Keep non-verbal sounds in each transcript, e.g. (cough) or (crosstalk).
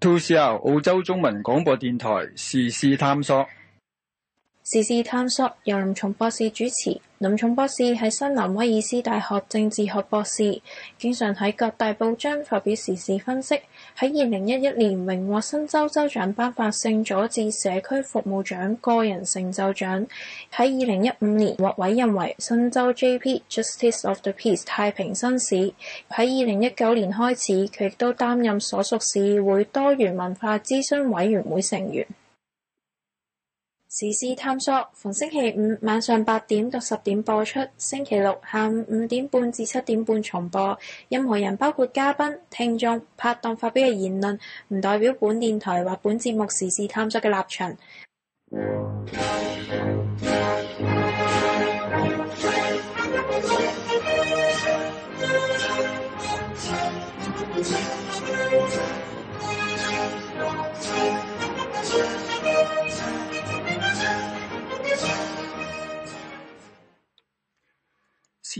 To Show 澳洲中文廣播電台時事探索。時事探索由林聰博士主持。林聰博士係新南威爾斯大學政治學博士，經常喺各大報章發表時事分析。喺二零一一年榮獲新州州長頒發聖佐治社區服務獎個人成就獎。喺二零一五年獲委任為新州 J.P. Justice of the Peace 太平紳士。喺二零一九年開始，佢亦都擔任所屬市會多元文化諮詢委員會成員。時事探索逢星期五晚上八點到十點播出，星期六下午五點半至七點半重播。任何人包括嘉賓、聽眾、拍檔發表嘅言論，唔代表本電台或本節目時事探索嘅立場。 (music)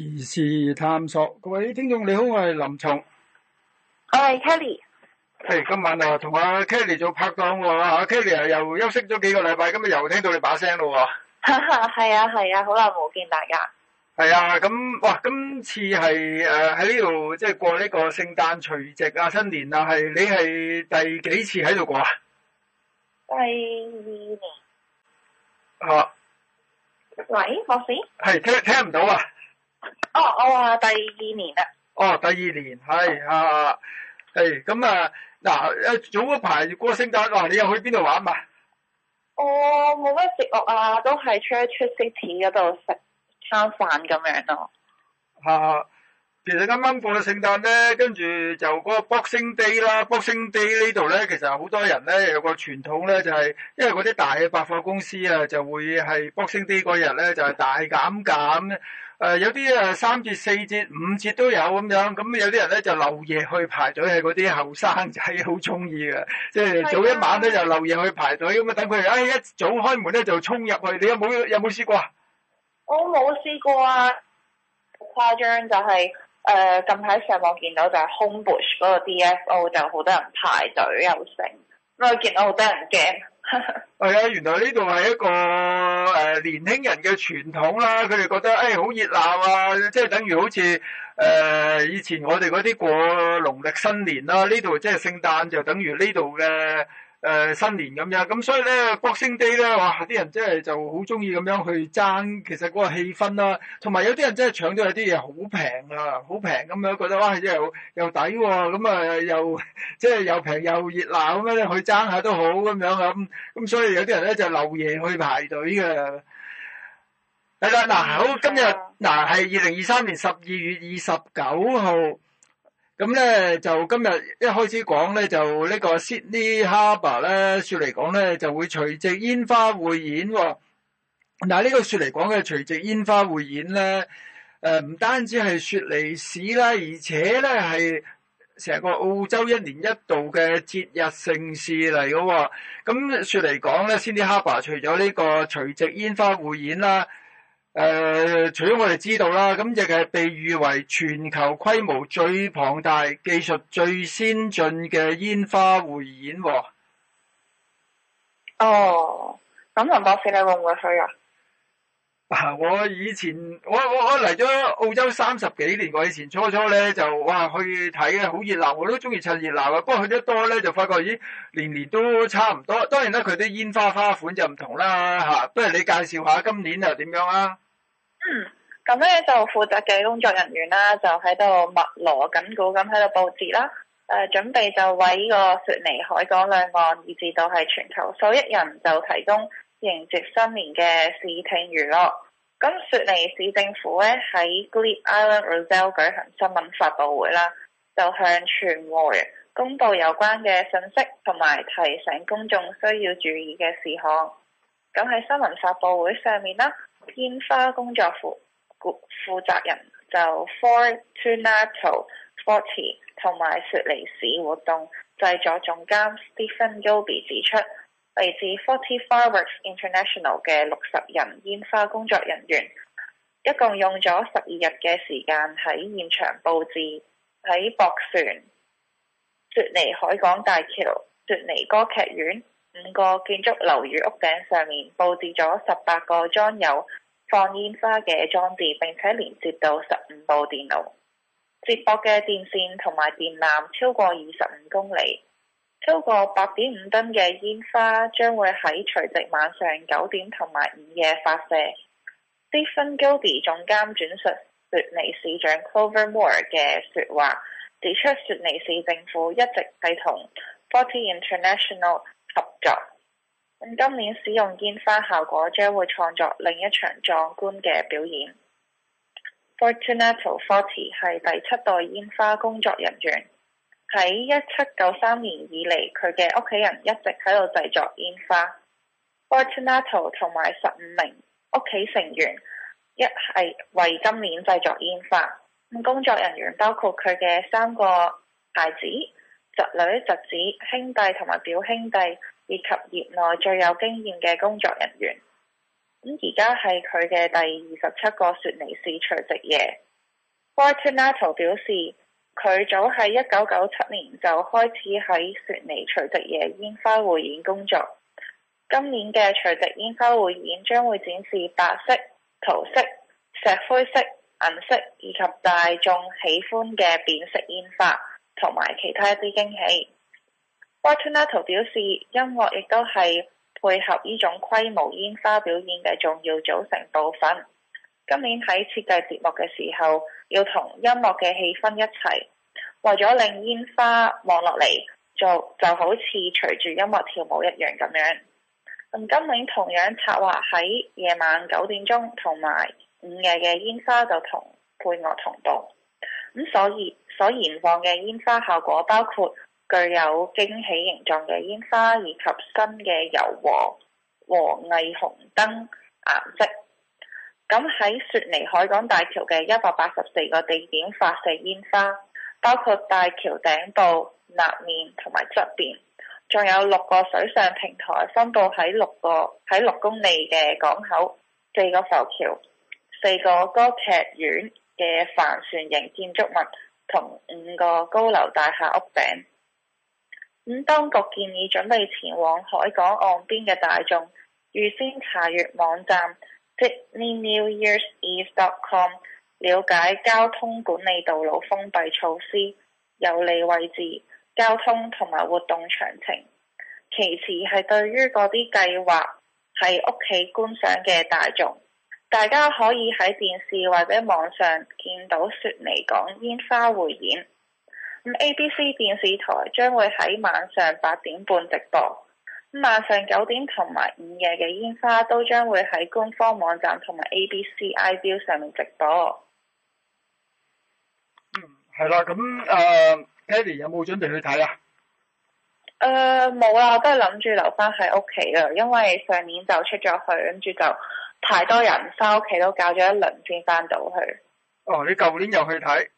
時事探索，各位聽眾你好，我係林松，我係 Hi , Kelly，係、hey, 今晚啊，同阿、啊、Kelly 做拍檔喎、啊，阿、啊、Kelly 啊又休息咗幾個禮拜，今日又聽到你把聲咯喎，哈哈，係啊係啊，好耐冇見大家，係啊，咁哇，今次係誒喺呢度即係過呢個聖誕除夕啊新年啊，係你係第幾次喺度過啊？第二年，哦，喂，博士，係、hey, 聽聽唔到啊？哦，我話第二年啊！哦，第二年係、哦哦、啊，係咁啊，嗱，早排過聖誕啊，你又去邊度玩嘛、啊？哦，冇乜食樂啊，都係出一出 City 嗰度食餐飯咁樣咯、啊。啊，其實啱啱過咗聖誕咧，跟住就嗰個 Boxing Day 啦，Boxing Day 呢度咧，其實好多人咧有個傳統咧、就是，就係因為嗰啲大百貨公司啊，就會係 Boxing Day 嗰日咧就係、是、大減價咁。誒有啲誒三折四折五折都有咁樣，咁有啲人咧就漏夜去排隊，係嗰啲後生仔好中意嘅，即係早一晚咧就漏夜去排隊，咁啊等佢一一早開門咧就衝入去。你有冇有冇試，試過啊？我冇試過啊！誇張就係、是、誒、呃、近排上網見到就係 Homebush 嗰個 DFO 就好多人排隊又成，因為見到好多人驚。係啊， (laughs) 原來呢度係一個誒年輕人嘅傳統啦，佢哋覺得誒好熱鬧啊，即係等於好似誒以前我哋嗰啲過農曆新年啦，呢度即係聖誕就等於呢度嘅。誒、呃、新年咁樣，咁所以咧，Boxing Day 咧，哇！啲人真係就好中意咁樣去爭，其實嗰個氣氛啦、啊，同埋有啲人真係搶咗有啲嘢好平啊，好平咁樣，覺得哇，真係又又抵喎、啊，咁啊又即係又平又熱鬧咁、啊、樣，去爭下都好咁樣咁，咁所以有啲人咧就是、漏夜去排隊嘅。係啦，嗱、啊，好，今、啊、日嗱係二零二三年十二月二十九號。咁咧就今日一開始講咧，就呢個 Sydney Harbour 咧雪梨港咧，就會除夕煙花匯演喎。嗱呢個雪梨港嘅除夕煙花匯演咧，誒唔單止係雪梨市啦，而且咧係成個澳洲一年一度嘅節日盛事嚟嘅喎。咁雪梨港咧，Sydney Harbour 除咗呢個除夕煙花匯演啦。誒，除咗、呃、我哋知道啦，咁亦係被譽為全球規模最龐大、技術最先進嘅煙花匯演。哦，咁、哦嗯、林博士你會唔會去啊，啊？我以前我我我嚟咗澳洲三十幾年，我以前初初咧就哇去睇嘅好熱鬧，我都中意趁熱鬧。不過去得多咧，就發覺咦，年年都差唔多。當然啦，佢啲煙花花款就唔同啦。吓、啊，不如你介紹下今年又點樣啊？嗯，咁咧就負責嘅工作人員啦，就喺度密鑼緊鼓咁喺度佈置啦。誒，準備就為呢個雪梨海港兩岸，以至到係全球數億人就提供迎接新年嘅視聽娛樂。咁雪梨市政府咧喺 Glebe Island Reserve 舉行新聞發佈會啦，就向全澳公布有關嘅信息，同埋提醒公眾需要注意嘅事項。咁喺新聞發佈會上面啦。煙花工作負負責人就 Fortunato Forty 同埋雪梨市活動製作總監 Stephen Yoby 指出，嚟自 Forty Fireworks International 嘅六十人煙花工作人員，一共用咗十二日嘅時間喺現場佈置喺駁船、雪梨海港大橋、雪梨歌劇院。五個建築樓宇屋頂上面佈置咗十八個裝有放煙花嘅裝置，並且連接到十五部電腦，接駁嘅電線同埋電纜超過二十五公里，超過八點五噸嘅煙花將會喺除夕晚上九點同埋午夜發射。Daven Goby 總監轉述雪梨市長 Clover Moore 嘅說話，指出雪梨市政府一直係同 Forty International。合作。咁今年使用煙花效果將會創作另一場壯觀嘅表演。Fortunato Forti 係第七代煙花工作人員。喺一七九三年以嚟，佢嘅屋企人一直喺度製作煙花。Fortunato 同埋十五名屋企成員一係為今年製作煙花。咁工作人員包括佢嘅三個孩子、侄女、侄子、兄弟同埋表兄弟，以及業內最有經驗嘅工作人員。咁而家係佢嘅第二十七個雪梨市除夕夜。Fortunato 表示，佢早喺一九九七年就開始喺雪梨除夕夜煙花匯演工作。今年嘅除夕煙花匯演將會展示白色、桃色、石灰色、銀色以及大眾喜歡嘅變色煙花。同埋其他一啲驚喜。Watrenato 表示，音樂亦都係配合呢種規模煙花表演嘅重要組成部分。今年喺設計節目嘅時候，要同音樂嘅氣氛一齊，為咗令煙花望落嚟，就就好似隨住音樂跳舞一樣咁樣。今年同樣策劃喺夜晚九點鐘同埋午夜嘅煙花就同配樂同步。咁所以。所燃放嘅煙花效果包括具有驚喜形狀嘅煙花，以及新嘅柔和和霓紅燈顏色。咁喺雪梨海港大橋嘅一百八十四個地點發射煙花，包括大橋頂部、南面同埋側邊，仲有六個水上平台深度，分布喺六個喺六公里嘅港口，四個浮橋，四個歌劇院嘅帆船型建築物。同五個高樓大廈屋頂。咁當局建議準備前往海港岸邊嘅大眾，預先查閲網站，citynewyearseve.com，了解交通管理、道路封閉措施、有利位置、交通同埋活動詳情。其次係對於啲計劃喺屋企觀賞嘅大眾。大家可以喺電視或者網上見到雪梨港煙花匯演，A B C 電視台將會喺晚上八點半直播，晚上九點同埋午夜嘅煙花都將會喺官方網站同埋 ABC iview 上面直播。嗯，係啦，咁誒，Eddie 有冇準備去睇啊？誒、呃，冇啦，我都係諗住留翻喺屋企啦，因為上年就出咗去，跟住就。太多人，翻屋企都搞咗一輪先翻到去。哦，你舊年又去睇？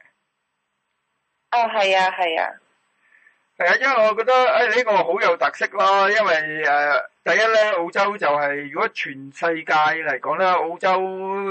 哦，係啊，係啊。係啊，因為我覺得誒呢、哎這個好有特色咯，因為誒、呃、第一咧，澳洲就係、是、如果全世界嚟講咧，澳洲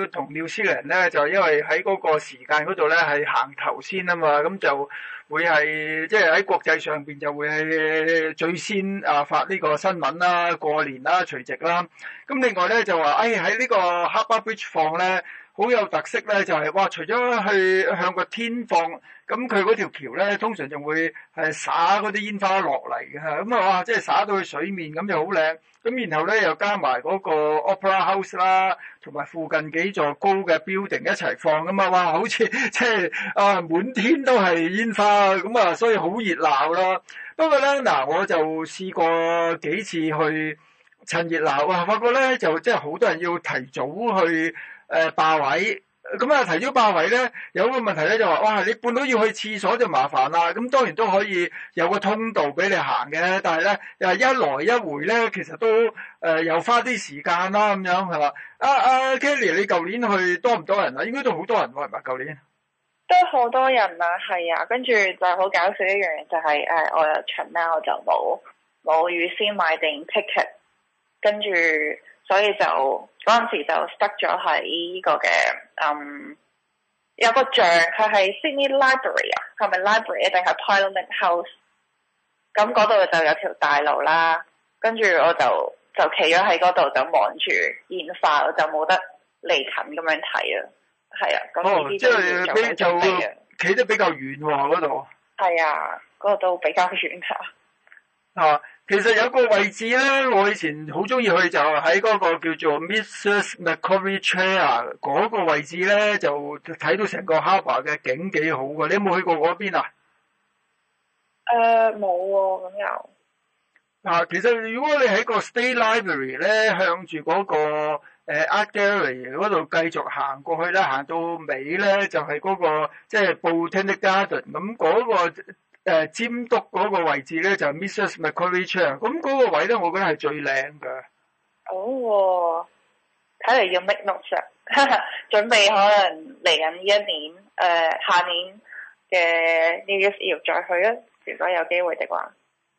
同紐西蘭咧，就是、因為喺嗰個時間嗰度咧係行頭先啊嘛，咁就。會係即係喺國際上邊就會係最先啊發呢個新聞啦、過年啦、除夕啦。咁另外咧就話：唉、哎、喺呢個 Harbour Bridge 放咧，好有特色咧，就係、是、哇，除咗去向個天放。咁佢嗰條橋咧，通常仲會係灑嗰啲煙花落嚟嘅，咁、嗯、啊哇！即係灑到去水面，咁就好靚。咁然後咧，又加埋嗰個 Opera House 啦，同埋附近幾座高嘅 Building 一齊放，咁、嗯、啊哇！好似即係啊，滿天都係煙花，咁、嗯、啊，所以好熱鬧啦。不過咧，嗱，我就試過幾次去趁熱鬧，啊，發覺咧就即係好多人要提早去誒、呃、霸位。咁啊，提早霸位咧，有個問題咧，就話、是、哇，你半路要去廁所就麻煩啦。咁當然都可以有個通道俾你行嘅，但係咧，又一來一回咧，其實都誒又花啲時間啦，咁樣係嘛？啊阿、啊、Kelly，你舊年去多唔多，多，多人啊？應該都好多人喎，係咪？舊年都好多人啊，係啊，跟住就好搞笑一樣嘢就係、是、誒、呃，我有長啦，我就冇冇預先買定 ticket，跟住所以就。嗰陣時就塞咗喺呢個嘅，嗯，有個像佢係 Sydney Library 啊，係咪 Library 一、啊、定係 Parliament House？咁嗰度就有條大路啦，跟住我就就企咗喺嗰度就望住煙花，我就冇得離近咁樣睇啊。係啊，咁呢啲都比較遠，企得比較遠喎，嗰度。係啊，嗰度都比較遠下。哦。其實有個位置咧，我以前好中意去就喺嗰個叫做 m r s m c c o r r y Chair 嗰個位置咧，就睇到成個哈 a 嘅景幾好嘅。你有冇去過嗰邊啊？誒、呃，冇喎、啊，咁又啊，其實如果你喺個 State Library 咧，向住嗰、那個、呃、Art Gallery 嗰度繼續行過去咧，行到尾咧就係、是、嗰、那個即係布聽的 Garden，咁嗰、那個誒、尖、呃、督嗰個位置咧就係、是、Mrs. Macquarie's Chair，咁嗰、嗯那個位咧，我覺得係最靚嘅。哦，睇嚟要 make notes 上、啊， (laughs) 準備可能嚟緊呢一年，誒、呃，下年嘅 New Year's Eve 再去啦。如果有機會的話，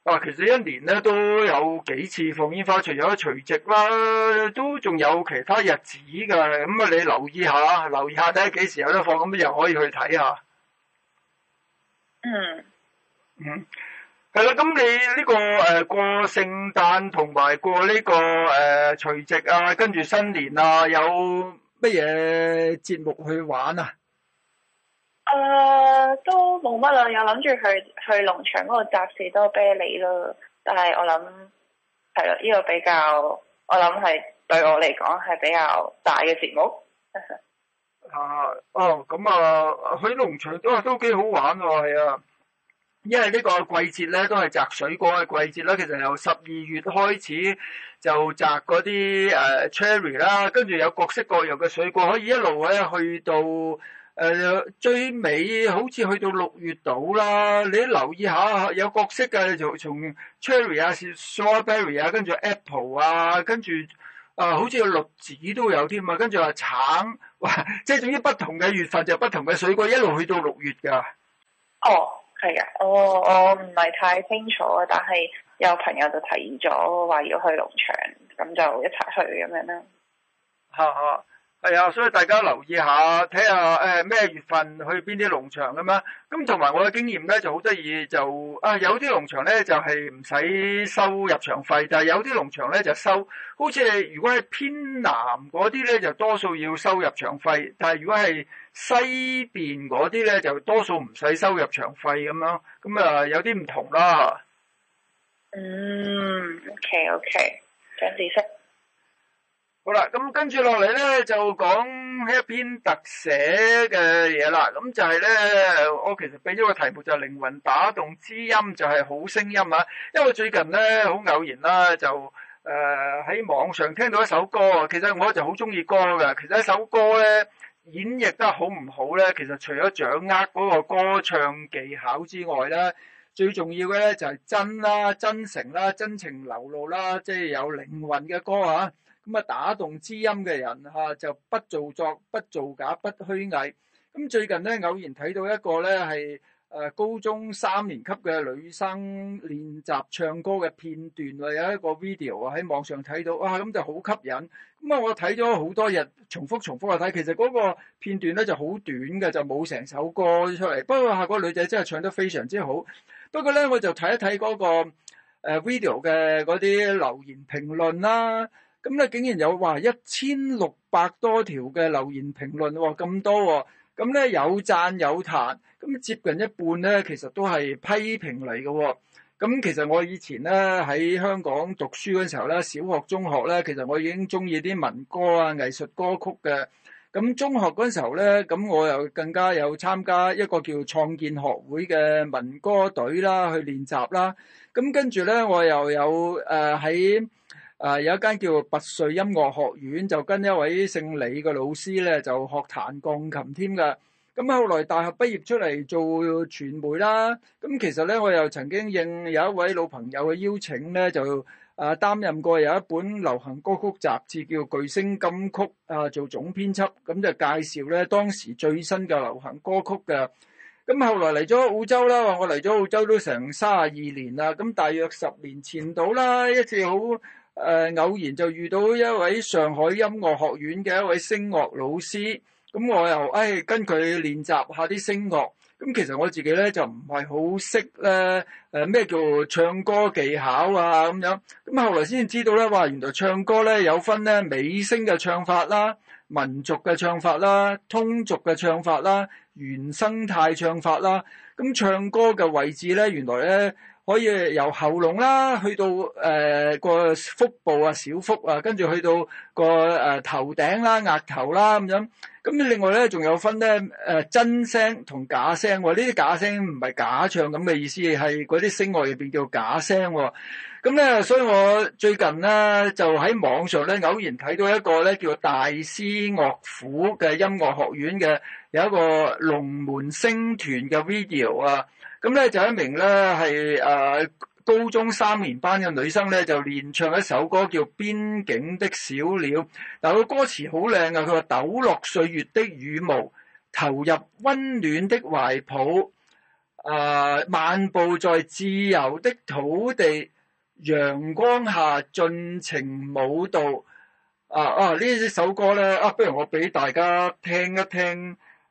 啊，其實一年咧都有幾次放煙花，除咗除夕啦，都仲有其他日子嘅。咁、嗯、啊，你留意下，留意下睇下幾時有得放，咁又可以去睇下。嗯。嗯，係啦，咁你呢、這個誒、呃、過聖誕同埋過呢、這個誒除夕，啊，跟住新年啊，有乜嘢節目去玩啊？誒、啊，都冇乜啦，有諗住去去農場嗰度摘士多啤梨咯，但係我諗係啦，呢、這個比較我諗係對我嚟講係比較大嘅節目。 (laughs) 啊，哦，咁、嗯、啊，去農場都都幾好玩喎，係啊。因為呢個季節咧，都係摘水果嘅季節啦。其實由十二月開始就摘嗰啲誒 cherry 啦，跟住有各式各樣嘅水果可以一路咧、uh, 去到誒、uh, 最尾，好似去到六月度啦。你留意下，有各式嘅，就從 cherry 啊、strawberry 啊，跟住 apple 啊，跟住誒，好似有綠子都有添啊。跟住話橙，哇！即、就、係、是、總之不同嘅月份就不同嘅水果，一路去到六月噶。哦、oh。係啊，哦，我唔係太清楚啊，但係有朋友就提議咗，話要去農場，咁就一齊去咁樣啦。嚇嚇、啊，係啊，所以大家留意下，睇下誒咩、呃、月份去邊啲農場咁啦。咁同埋我嘅經驗咧，就好得意就啊，有啲農場咧就係唔使收入場費，但係有啲農場咧就收。好似如果係偏南嗰啲咧，就多數要收入場費，但係如果係，西邊嗰啲咧就多數唔使收入場費咁樣，咁啊有啲唔同啦。嗯，OK OK，等你識。好啦，咁跟住落嚟咧就講一篇特寫嘅嘢啦。咁就係咧，我其實俾咗個題目就係靈魂打動知音，就係好聲音啊。因為最近咧好偶然啦，就誒喺網上聽到一首歌啊。其實我就好中意歌噶，其實一首歌咧，演繹得好唔好咧？其實除咗掌握嗰個歌唱技巧之外咧，最重要嘅咧就係真啦、真誠啦、真情流露啦，即係有靈魂嘅歌啊！咁啊，打動知音嘅人啊，就不做作、不造假、不虛偽。咁最近咧，偶然睇到一個咧係。誒，高中三年級嘅女生練習唱歌嘅片段啊，有一個 video 啊喺網上睇到，哇，咁就好吸引。咁啊，我睇咗好多日，重複重複去睇。其實嗰個片段咧就好短嘅，就冇成首歌出嚟。不過嗰個女仔真係唱得非常之好。不過咧，我就睇一睇嗰個誒 video 嘅嗰啲留言評論啦。咁咧竟然有哇一千六百多條嘅留言評論，咁多，哦。咁咧有讚有彈，咁接近一半咧，其實都係批評嚟嘅。咁其實我以前咧喺香港讀書嗰陣時候咧，小學、中學咧，其實我已經中意啲民歌啊、藝術歌曲嘅。咁中學嗰陣時候咧，咁我又更加有參加一個叫創建學會嘅民歌隊啦，去練習啦。咁跟住咧，我又有誒喺。呃啊！有一間叫拔瑞音樂學院，就跟一位姓李嘅老師咧就學彈鋼琴添㗎。咁後來大學畢業出嚟做傳媒啦。咁其實咧，我又曾經應有一位老朋友嘅邀請咧，就啊擔任過有一本流行歌曲雜誌叫《巨星金曲》啊做總編輯。咁就介紹咧當時最新嘅流行歌曲嘅。咁後來嚟咗澳洲啦，我嚟咗澳洲都成三十二年啦。咁大約十年前度啦，一次好，誒、呃、偶然就遇到一位上海音樂學院嘅一位聲樂老師，咁我又誒跟佢練習下啲聲樂，咁其實我自己咧就唔係好識咧誒咩叫唱歌技巧啊咁樣，咁後來先知道咧，哇原來唱歌咧有分咧美聲嘅唱法啦、民族嘅唱法啦、通俗嘅唱法啦、原生態唱法啦，咁唱歌嘅位置咧原來咧。可以由喉嚨啦，去到誒個腹部啊、小腹啊，跟住去到個誒頭頂啦、額頭啦咁樣。咁另外咧，仲有分咧誒真聲同假聲喎。呢啲假聲唔係假唱咁嘅意思，係嗰啲聲樂入邊叫假聲喎。咁咧，所以我最近咧就喺網上咧偶然睇到一個咧叫大師樂府嘅音樂學院嘅有一個龍門聲團嘅 video 啊。咁咧、嗯、就一名咧係誒高中三年班嘅女生咧，就練唱一首歌叫《邊境的小鳥》，但個、呃、歌詞好靚啊，佢話抖落歲月的羽毛，投入溫暖的懷抱，誒、呃，漫步在自由的土地，陽光下盡情舞蹈、呃。啊啊！呢一首歌咧、啊，不如我俾大家聽一聽。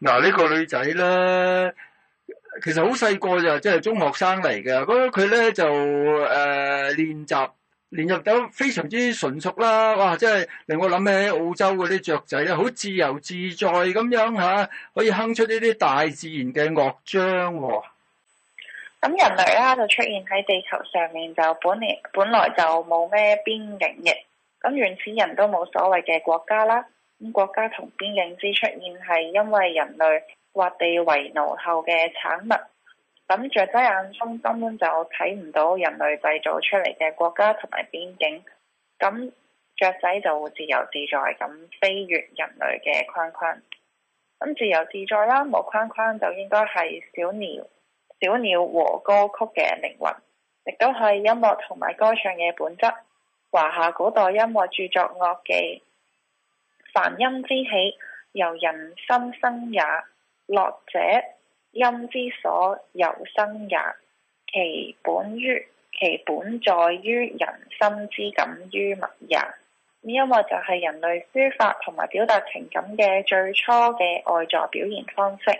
嗱，呢、啊這個女仔咧，其實好細個就即係中學生嚟嘅。咁佢咧就誒練習練習到非常之純熟啦。哇，即係令我諗起澳洲嗰啲雀仔咧，好自由自在咁樣吓、啊，可以哼出呢啲大自然嘅樂章。咁人類咧就出現喺地球上面，就本嚟本來就冇咩邊境嘅。咁、嗯、原始人都冇所謂嘅國家啦，咁、嗯、國家同邊境之出現係因為人類劃地為奴後嘅產物。咁雀仔眼中根本就睇唔到人類製造出嚟嘅國家同埋邊境，咁雀仔就會自由自在咁飛越人類嘅框框。咁、嗯、自由自在啦，冇框框就應該係小鳥、小鳥和歌曲嘅靈魂，亦都係音樂同埋歌唱嘅本質。華夏古代音樂著作《樂記》，凡音之起，由人心生，生也。樂者，音之所由生也。其本於其本在於人心之感於物也。咁音樂就係人類抒發同埋表達情感嘅最初嘅外在表現方式。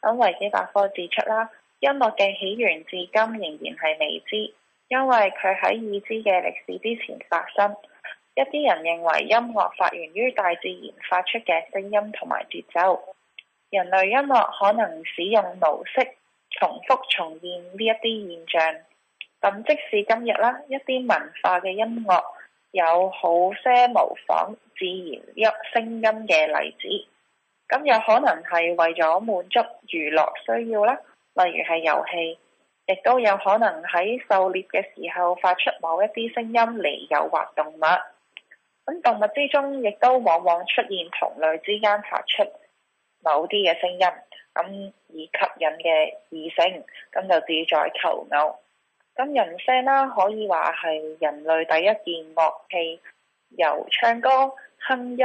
咁維基百科指出啦，音樂嘅起源至今仍然係未知。因為佢喺已知嘅歷史之前發生，一啲人認為音樂發源於大自然發出嘅聲音同埋節奏，人類音樂可能使用模式重複重現呢一啲現象。咁即使今日啦，一啲文化嘅音樂有好些模仿自然音聲音嘅例子，咁有可能係為咗滿足娛樂需要啦，例如係遊戲。亦都有可能喺狩獵嘅時候發出某一啲聲音嚟誘惑動物。咁動物之中，亦都往往出現同類之間發出某啲嘅聲音，咁以吸引嘅異性，咁就旨在求偶。咁人聲啦、啊，可以話係人類第一件樂器，由唱歌、哼音、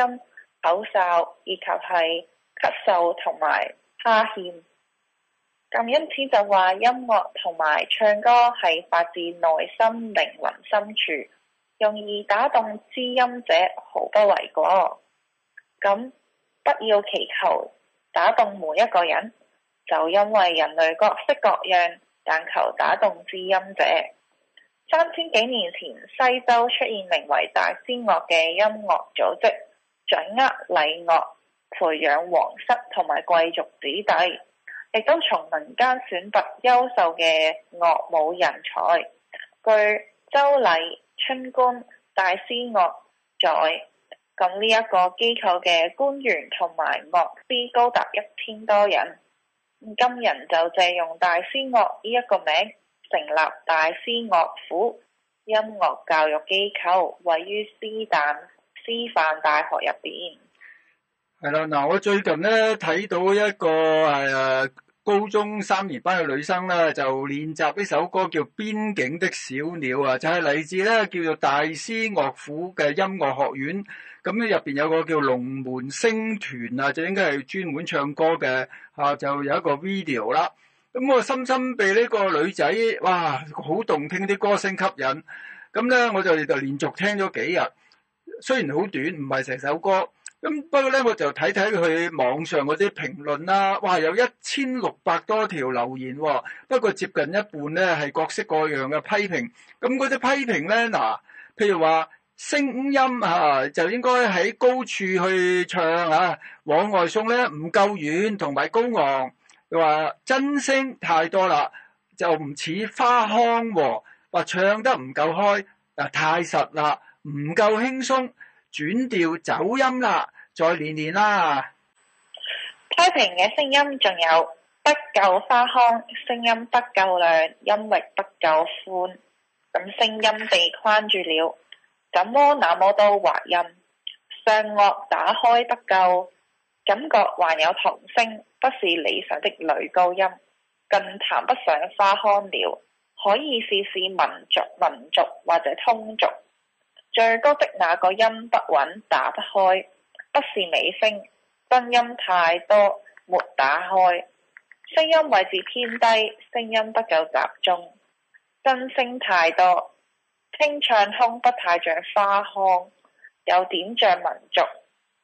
口哨以及係咳嗽同埋哈欠。咁因此就話音樂同埋唱歌係發自內心靈魂深處，容易打動知音者毫不為過。咁不要祈求打動每一個人，就因為人類各色各樣，但求打動知音者。三千幾年前，西周出現名為大司樂嘅音樂組織，掌握禮樂，培養皇室同埋貴族子弟。亦都從民間選拔優秀嘅樂舞人才，據周禮《周禮春官大司樂》載，咁呢一個機構嘅官員同埋樂師高達一千多人。今人就借用大司樂呢一個名，成立大師樂府音樂教育機構，位於斯坦師範大學入邊。係啦，嗱、嗯，我最近咧睇到一個係、啊、高中三年班嘅女生啦，就練習呢首歌叫《邊境的小鳥》啊，就係、是、嚟自咧叫做大師樂府嘅音樂學院。咁咧入邊有個叫龍門聲團啊，就應該係專門唱歌嘅。吓、啊，就有一個 video 啦。咁、嗯、我深深被呢個女仔哇，好動聽啲歌聲吸引。咁、嗯、咧，我就就連續聽咗幾日，雖然好短，唔係成首歌。咁不過咧，我就睇睇佢網上嗰啲評論啦。哇，有一千六百多條留言喎、哦。不過接近一半咧係各式各樣嘅批評。咁嗰啲批評咧，嗱，譬如話聲音啊，就應該喺高處去唱啊，往外送咧唔夠遠同埋高昂。話真聲太多啦，就唔似花腔喎、哦。話唱得唔夠開，啊太實啦，唔夠輕鬆。轉調走音啦，再練練啦。批評嘅聲音仲有不夠花腔，聲音不夠亮，音域不夠寬。咁聲音被框住了，怎麼那麼多滑音？上顎打開不夠，感覺還有童聲，不是理想的女高音，更談不上花腔了。可以試試民族、民族或者通俗。最高的那個音不穩，打不開，不是尾聲，真音太多，沒打開，聲音位置偏低，聲音不夠集中，真聲太多，聽唱腔不太像花腔，有點像民族，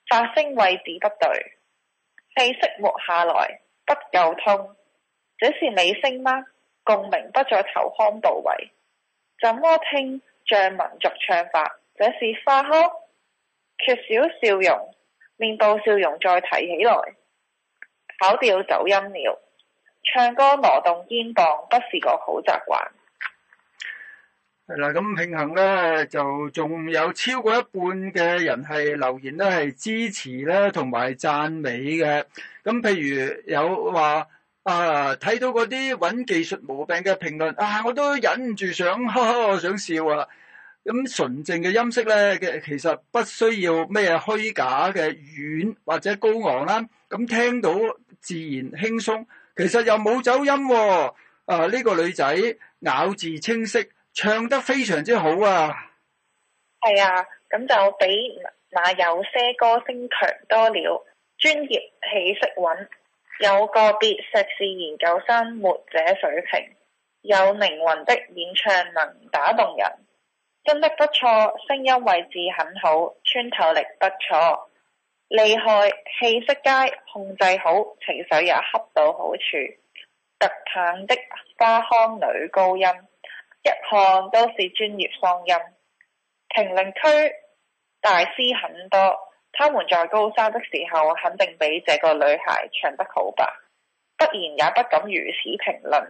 發聲位置不對，氣息沒下來，不夠通，這是尾聲嗎？共鳴不在頭腔部位，怎麼聽？像民族唱法，這是發腔，缺少笑容，面部笑容再提起來，跑掉走音了。唱歌挪動肩膀不是個好習慣。係啦，咁平衡咧就仲有超過一半嘅人係留言都係支持咧同埋讚美嘅，咁譬如有話。啊！睇到嗰啲揾技術毛病嘅評論啊，我都忍唔住想，呵呵，我想笑啊！咁、啊、純正嘅音色咧，其實不需要咩虛假嘅軟或者高昂啦、啊。咁、啊、聽到自然輕鬆，其實又冇走音喎、啊。啊，呢、這個女仔咬字清晰，唱得非常之好啊！係啊，咁就比那有些歌聲強多了。專業氣息穩。有個別碩士研究生沒這水平，有靈魂的演唱能打動人，真的不錯，聲音位置很好，穿透力不錯，厲害，氣息佳，控制好，情緒也恰到好處，特棒的花腔女高音，一看都是專業放音，評論區大師很多。他們在高三的時候肯定比這個女孩唱得好吧，不然也不敢如此評論。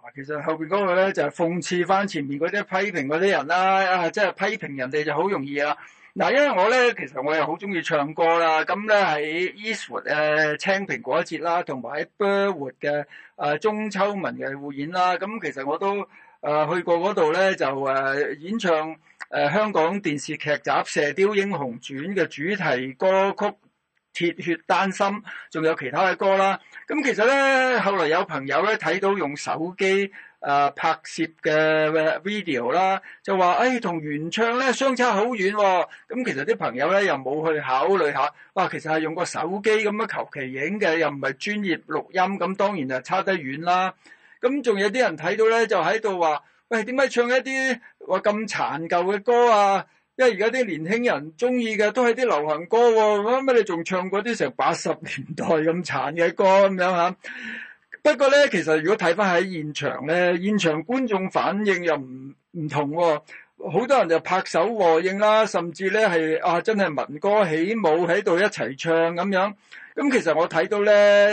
嗱，其實後邊嗰個咧就係、是、諷刺翻前面嗰啲批評嗰啲人啦，啊，即係批評人哋就好容易啦、啊。嗱、啊，因為我咧其實我又好中意唱歌啦，咁咧喺 Eastwood 嘅青蘋果節啦，同埋喺 Burwood 嘅啊中秋文藝匯演啦，咁、啊、其實我都啊去過嗰度咧就誒、啊、演唱。誒、呃、香港電視劇集《射雕英雄傳》嘅主題歌曲《鐵血丹心》，仲有其他嘅歌啦。咁、嗯、其實咧，後來有朋友咧睇到用手機誒、呃、拍攝嘅 video 啦，就話，誒、哎、同原唱咧相差好遠喎、哦。咁、嗯、其實啲朋友咧又冇去考慮下，哇，其實係用個手機咁樣求其影嘅，又唔係專業錄音，咁、嗯、當然就差得遠啦。咁、嗯、仲有啲人睇到咧，就喺度話，喂，點解唱一啲咁殘舊嘅歌啊，因為而家啲年輕人中意嘅都係啲流行歌喎、啊，乜、啊、你仲唱過啲成八十年代咁殘嘅歌咁、啊、樣嚇、啊？不過咧，其實如果睇翻喺現場咧，現場觀眾反應又唔唔同喎、啊，好多人就拍手和應啦、啊，甚至咧係啊真係民歌起舞喺度一齊唱咁樣。咁其實我睇到咧，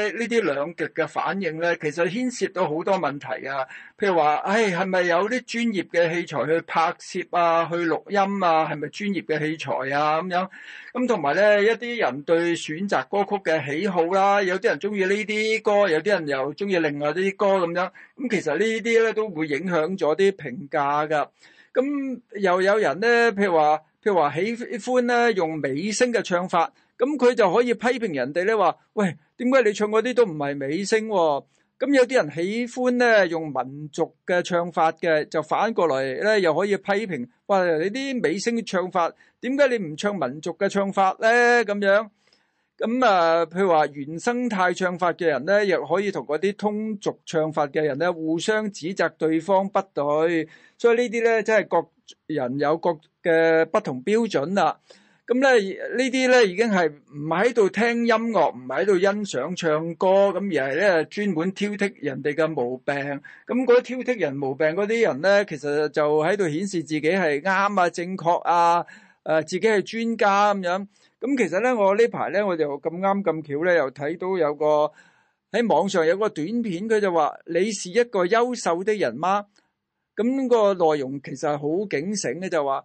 呢啲兩極嘅反應咧，其實牽涉到好多問題啊。譬如話，唉、哎，係咪有啲專業嘅器材去拍攝啊，去錄音啊，係咪專業嘅器材啊咁樣？咁同埋咧，一啲人對選擇歌曲嘅喜好啦，有啲人中意呢啲歌，有啲人又中意另外啲歌咁樣。咁其實呢啲咧都會影響咗啲評價㗎。咁又有人咧，譬如話，譬如話喜歡咧用美聲嘅唱法。咁佢就可以批評人哋咧話，喂，點解你唱嗰啲都唔係美聲喎？咁有啲人喜歡咧用民族嘅唱法嘅，就反過來咧又可以批評，喂，你啲美聲唱法點解你唔唱民族嘅唱法咧？咁樣咁啊，譬如話原生態唱法嘅人咧，又可以同嗰啲通俗唱法嘅人咧互相指責對方不對。所以呢啲咧真係各人有各嘅不同標準啦。咁咧呢啲咧，已經係唔喺度聽音樂，唔係喺度欣賞唱歌，咁而係咧專門挑剔人哋嘅毛病。咁嗰挑剔人毛病嗰啲人咧，其實就喺度顯示自己係啱啊、正確啊，誒，自己係專家咁樣。咁其實咧，我呢排咧，我就咁啱咁巧咧，又睇到有個喺網上有個短片，佢就話你是一個優秀的人嗎？咁個內容其實係好警醒嘅，就話。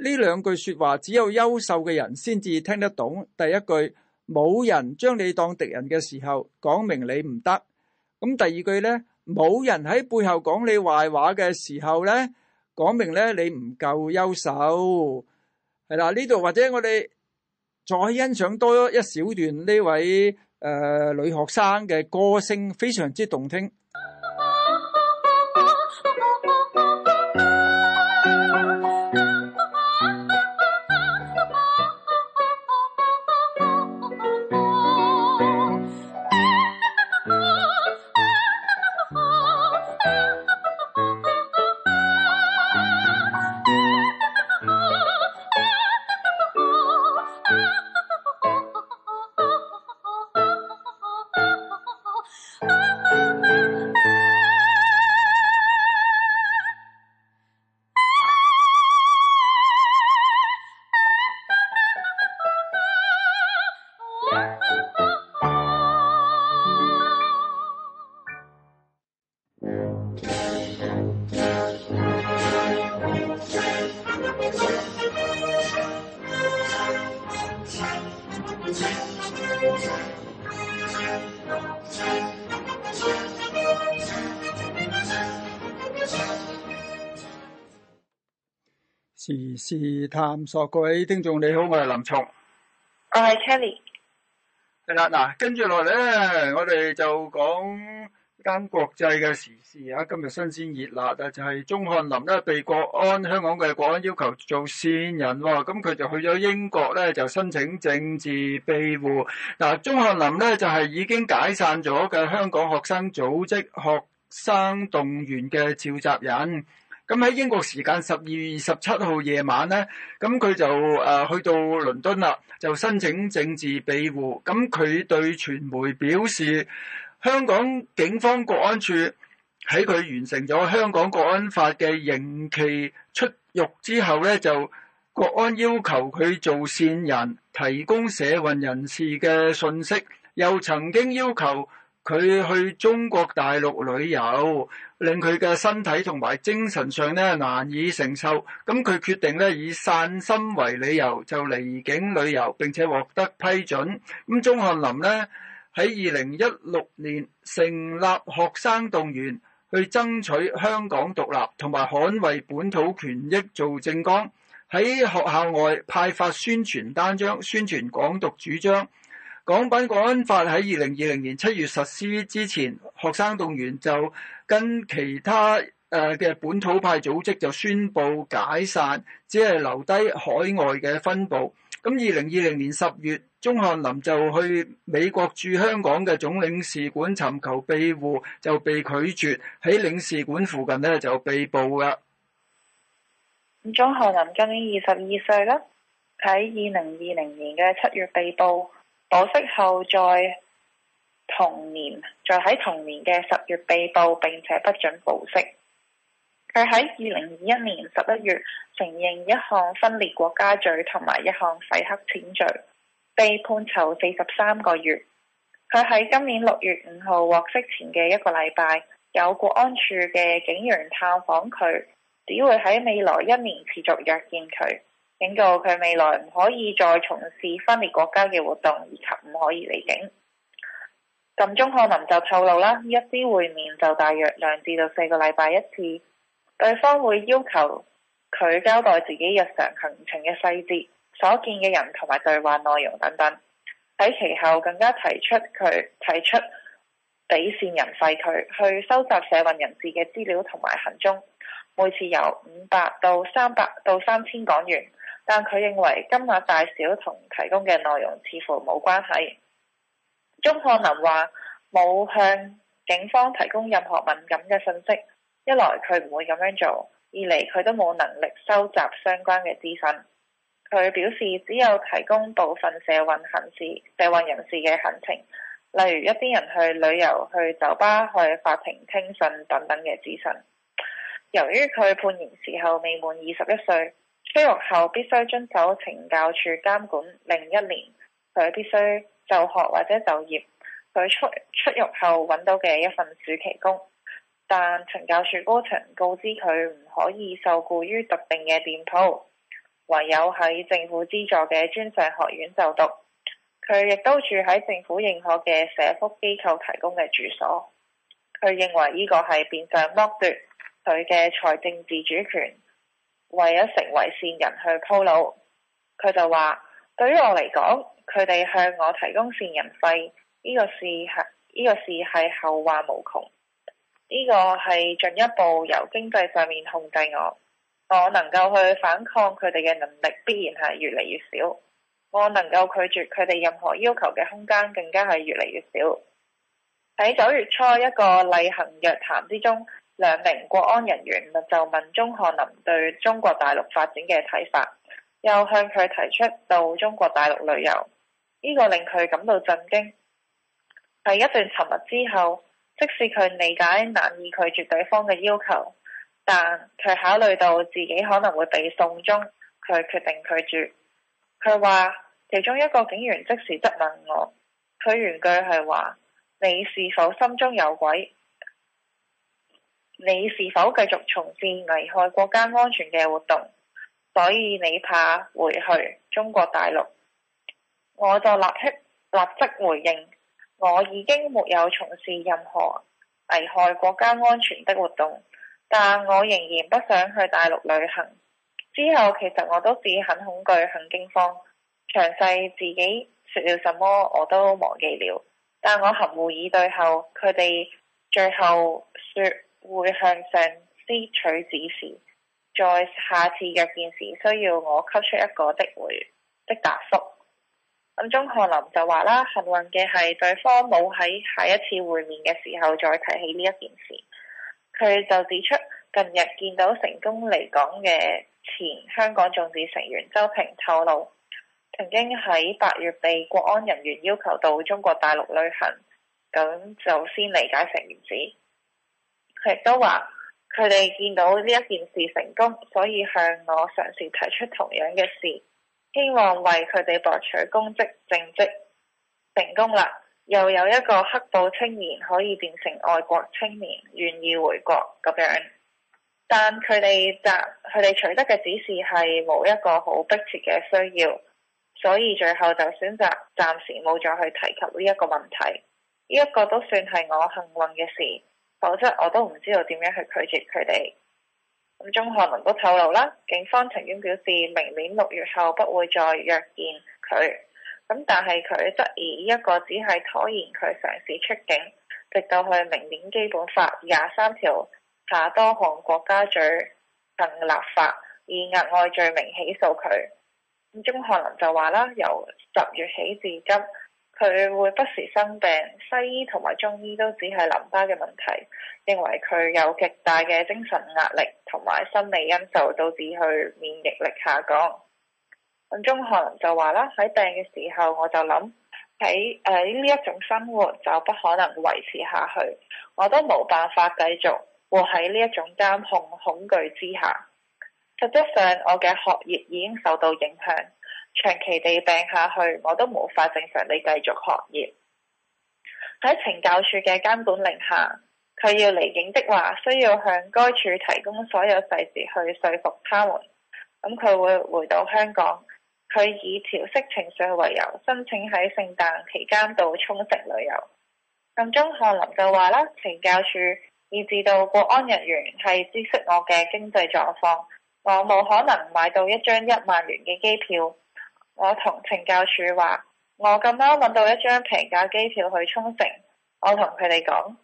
呢兩句説話只有優秀嘅人先至聽得懂。第一句冇人將你當敵人嘅時候，講明你唔得。咁第二句呢，「冇人喺背後講你壞話」嘅時候呢，講明呢你唔夠優秀。係啦，呢度或者我哋再欣賞多一小段呢位誒、呃、女學生嘅歌聲，非常之動聽。探索各位聽眾你好，我係林松，我係 Kelly。係啦，嗱，跟住落嚟，我哋就講間國際嘅時事啊，今日新鮮熱辣啊，就係鍾翰林咧被國安香港嘅國安要求做線人，咁佢就去咗英國咧就申請政治庇護。嗱，鍾翰林咧就係已經解散咗嘅香港學生組織學生動員嘅召集人。咁喺英國時間十二月二十七號夜晚呢，咁佢就誒、啊、去到倫敦啦，就申請政治庇護。咁佢對傳媒表示，香港警方國安處喺佢完成咗香港國安法嘅刑期出獄之後呢，就國安要求佢做線人，提供社運人士嘅訊息，又曾經要求。佢去中國大陸旅遊，令佢嘅身體同埋精神上咧難以承受，咁佢決定咧以散心為理由就離境旅遊，並且獲得批准。咁鍾翰林咧喺二零一六年成立學生動員，去爭取香港獨立同埋捍衛本土權益做政綱，喺學校外派發宣傳單張，宣傳港獨主張。港版國安法喺二零二零年七月實施之前，學生動員就跟其他誒嘅本土派組織就宣布解散，只係留低海外嘅分部。咁二零二零年十月，鍾翰林就去美國駐香港嘅總領事館尋求庇護，就被拒絕，喺領事館附近呢，就被捕啦。咁鍾翰林今年二十二歲啦，喺二零二零年嘅七月被捕。獲釋後，在同年，再在喺同年嘅十月被捕，並且不准保釋。佢喺二零二一年十一月承認一項分裂國家罪同埋一項洗黑錢罪，被判囚四十三個月。佢喺今年六月五號獲釋前嘅一個禮拜，有國安處嘅警員探訪佢，只會喺未來一年持續約見佢，警告佢未來唔可以再從事分裂國家嘅活動，以及唔可以離境。咁鍾翰林就透露啦，一啲會面就大約兩至到四個禮拜一次，對方會要求佢交代自己日常行程嘅細節、所見嘅人同埋對話內容等等。喺其後更加提出，佢提出畀線人費，佢去收集社運人士嘅資料同埋行蹤，每次由五百到三百到三千港元。但佢認為金額大小同提供嘅內容似乎冇關係。鍾翰林話冇向警方提供任何敏感嘅信息，一來佢唔會咁樣做，二嚟佢都冇能力收集相關嘅資訊。佢表示只有提供部分社運人士、社運人士嘅行程，例如一啲人去旅遊、去酒吧、去法庭聽訊等等嘅資訊。由於佢判刑時候未滿二十一歲。出獄後必須遵守懲教處監管另一年，佢必須就學或者就業。佢出出獄後揾到嘅一份暑期工，但懲教處高層告知佢唔可以受僱於特定嘅店鋪，唯有喺政府資助嘅專上學院就讀。佢亦都住喺政府認可嘅社福機構提供嘅住所。佢認為呢個係變相剝奪佢嘅財政自主權。為咗成為線人去鋪路，佢就話：對於我嚟講，佢哋向我提供線人費，呢、這個事係呢、這個事係後患無窮。呢、這個係進一步由經濟上面控制我，我能夠去反抗佢哋嘅能力必然係越嚟越少，我能夠拒絕佢哋任何要求嘅空間更加係越嚟越少。喺九月初一個例行約談之中。兩名國安人員就問鍾翰林對中國大陸發展嘅睇法，又向佢提出到中國大陸旅遊，呢、這個令佢感到震驚。第一段沉默之後，即使佢理解難以拒絕對方嘅要求，但佢考慮到自己可能會被送中，佢決定拒絕。佢話其中一個警員即時質問我，佢原句係話：你是否心中有鬼？你是否繼續從事危害國家安全嘅活動？所以你怕回去中國大陸，我就立即立即回應，我已經沒有從事任何危害國家安全的活動，但我仍然不想去大陸旅行。之後其實我都只很恐懼、很驚慌，詳細自己説了什麼我都忘記了，但我含糊以對後，佢哋最後説：會向上司取指示，在下次若件事需要我給出一個的回的答覆。咁鍾翰林就話啦：幸運嘅係對方冇喺下一次會面嘅時候再提起呢一件事。佢就指出，近日見到成功離港嘅前香港眾志成員周庭透露，曾經喺八月被國安人員要求到中國大陸旅行，咁就先理解成件事。佢都話佢哋見到呢一件事成功，所以向我嘗試提出同樣嘅事，希望為佢哋博取功績政績成功啦。又有一個黑暴青年可以變成愛國青年，願意回國咁樣。但佢哋集佢哋取得嘅指示係冇一個好迫切嘅需要，所以最後就選擇暫時冇再去提及呢一個問題。呢一個都算係我幸運嘅事。否則我都唔知道點樣去拒絕佢哋。咁鍾翰林都透露啦，警方曾經表示明年六月後不會再約見佢。咁但係佢質疑呢一個只係拖延佢嘗試出境，直到佢明年基本法廿三條加多項國家罪等立法，以額外罪名起訴佢。咁鍾翰林就話啦，由十月起至今。佢會不時生病，西醫同埋中醫都只係淋巴嘅問題，認為佢有極大嘅精神壓力同埋心理因素導致佢免疫力下降。鍾翰林就話啦：喺病嘅時候，我就諗喺喺呢一種生活就不可能維持下去，我都冇辦法繼續活喺呢一種監控恐懼之下。實際上，我嘅學業已經受到影響。長期地病下去，我都無法正常地繼續學業。喺懲教處嘅監管令下，佢要離境的話，需要向該處提供所有細節去說服他們。咁佢會回到香港，佢以調適情緒為由申請喺聖誕期間到沖繩旅遊。咁鍾翰林就話啦，懲教處以至到國安人員係知悉我嘅經濟狀況，我冇可能買到一張一萬元嘅機票。我同懲教署話，我咁啱揾到一張平價機票去沖繩。我同佢哋講，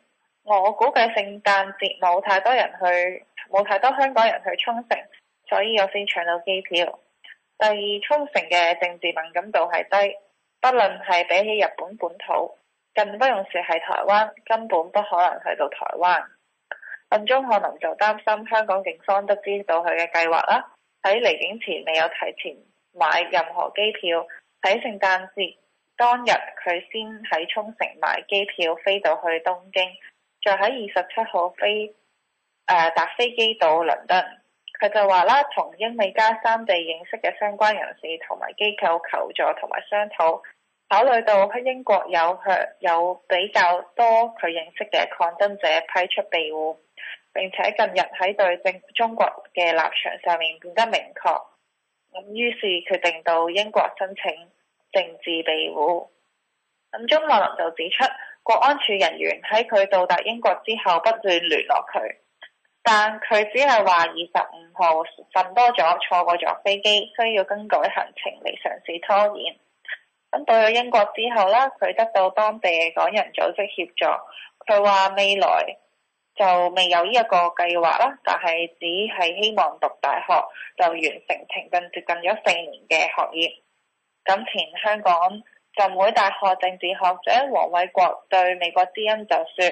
我估計聖誕節冇太多人去，冇太多香港人去沖繩，所以我先搶到機票。第二，沖繩嘅政治敏感度係低，不論係比起日本本土，更不用說係台灣，根本不可能去到台灣。暗中可能就擔心香港警方都知道佢嘅計劃啦。喺離境前未有提前，買任何機票喺聖誕節當日，佢先喺沖繩買機票飛到去東京，再喺二十七號飛誒搭、呃、飛機到倫敦。佢就話啦，同英美加三地認識嘅相關人士同埋機構求助同埋商討，考慮到喺英國有佢有比較多佢認識嘅抗爭者批出庇護，並且近日喺對正中國嘅立場上面變得明確。於是決定到英國申請政治庇護。咁，鍾翰林就指出，國安處人員喺佢到達英國之後不斷聯絡佢，但佢只係話二十五號瞓多咗，錯過咗飛機，需要更改行程嚟嘗試拖延。咁到咗英國之後呢，佢得到當地嘅港人組織協助。佢話未來，就未有呢一個計劃啦，但係只係希望讀大學，就完成停頓接近咗四年嘅學業。咁前香港浸會大學政治學者黃偉國對美國之音就說，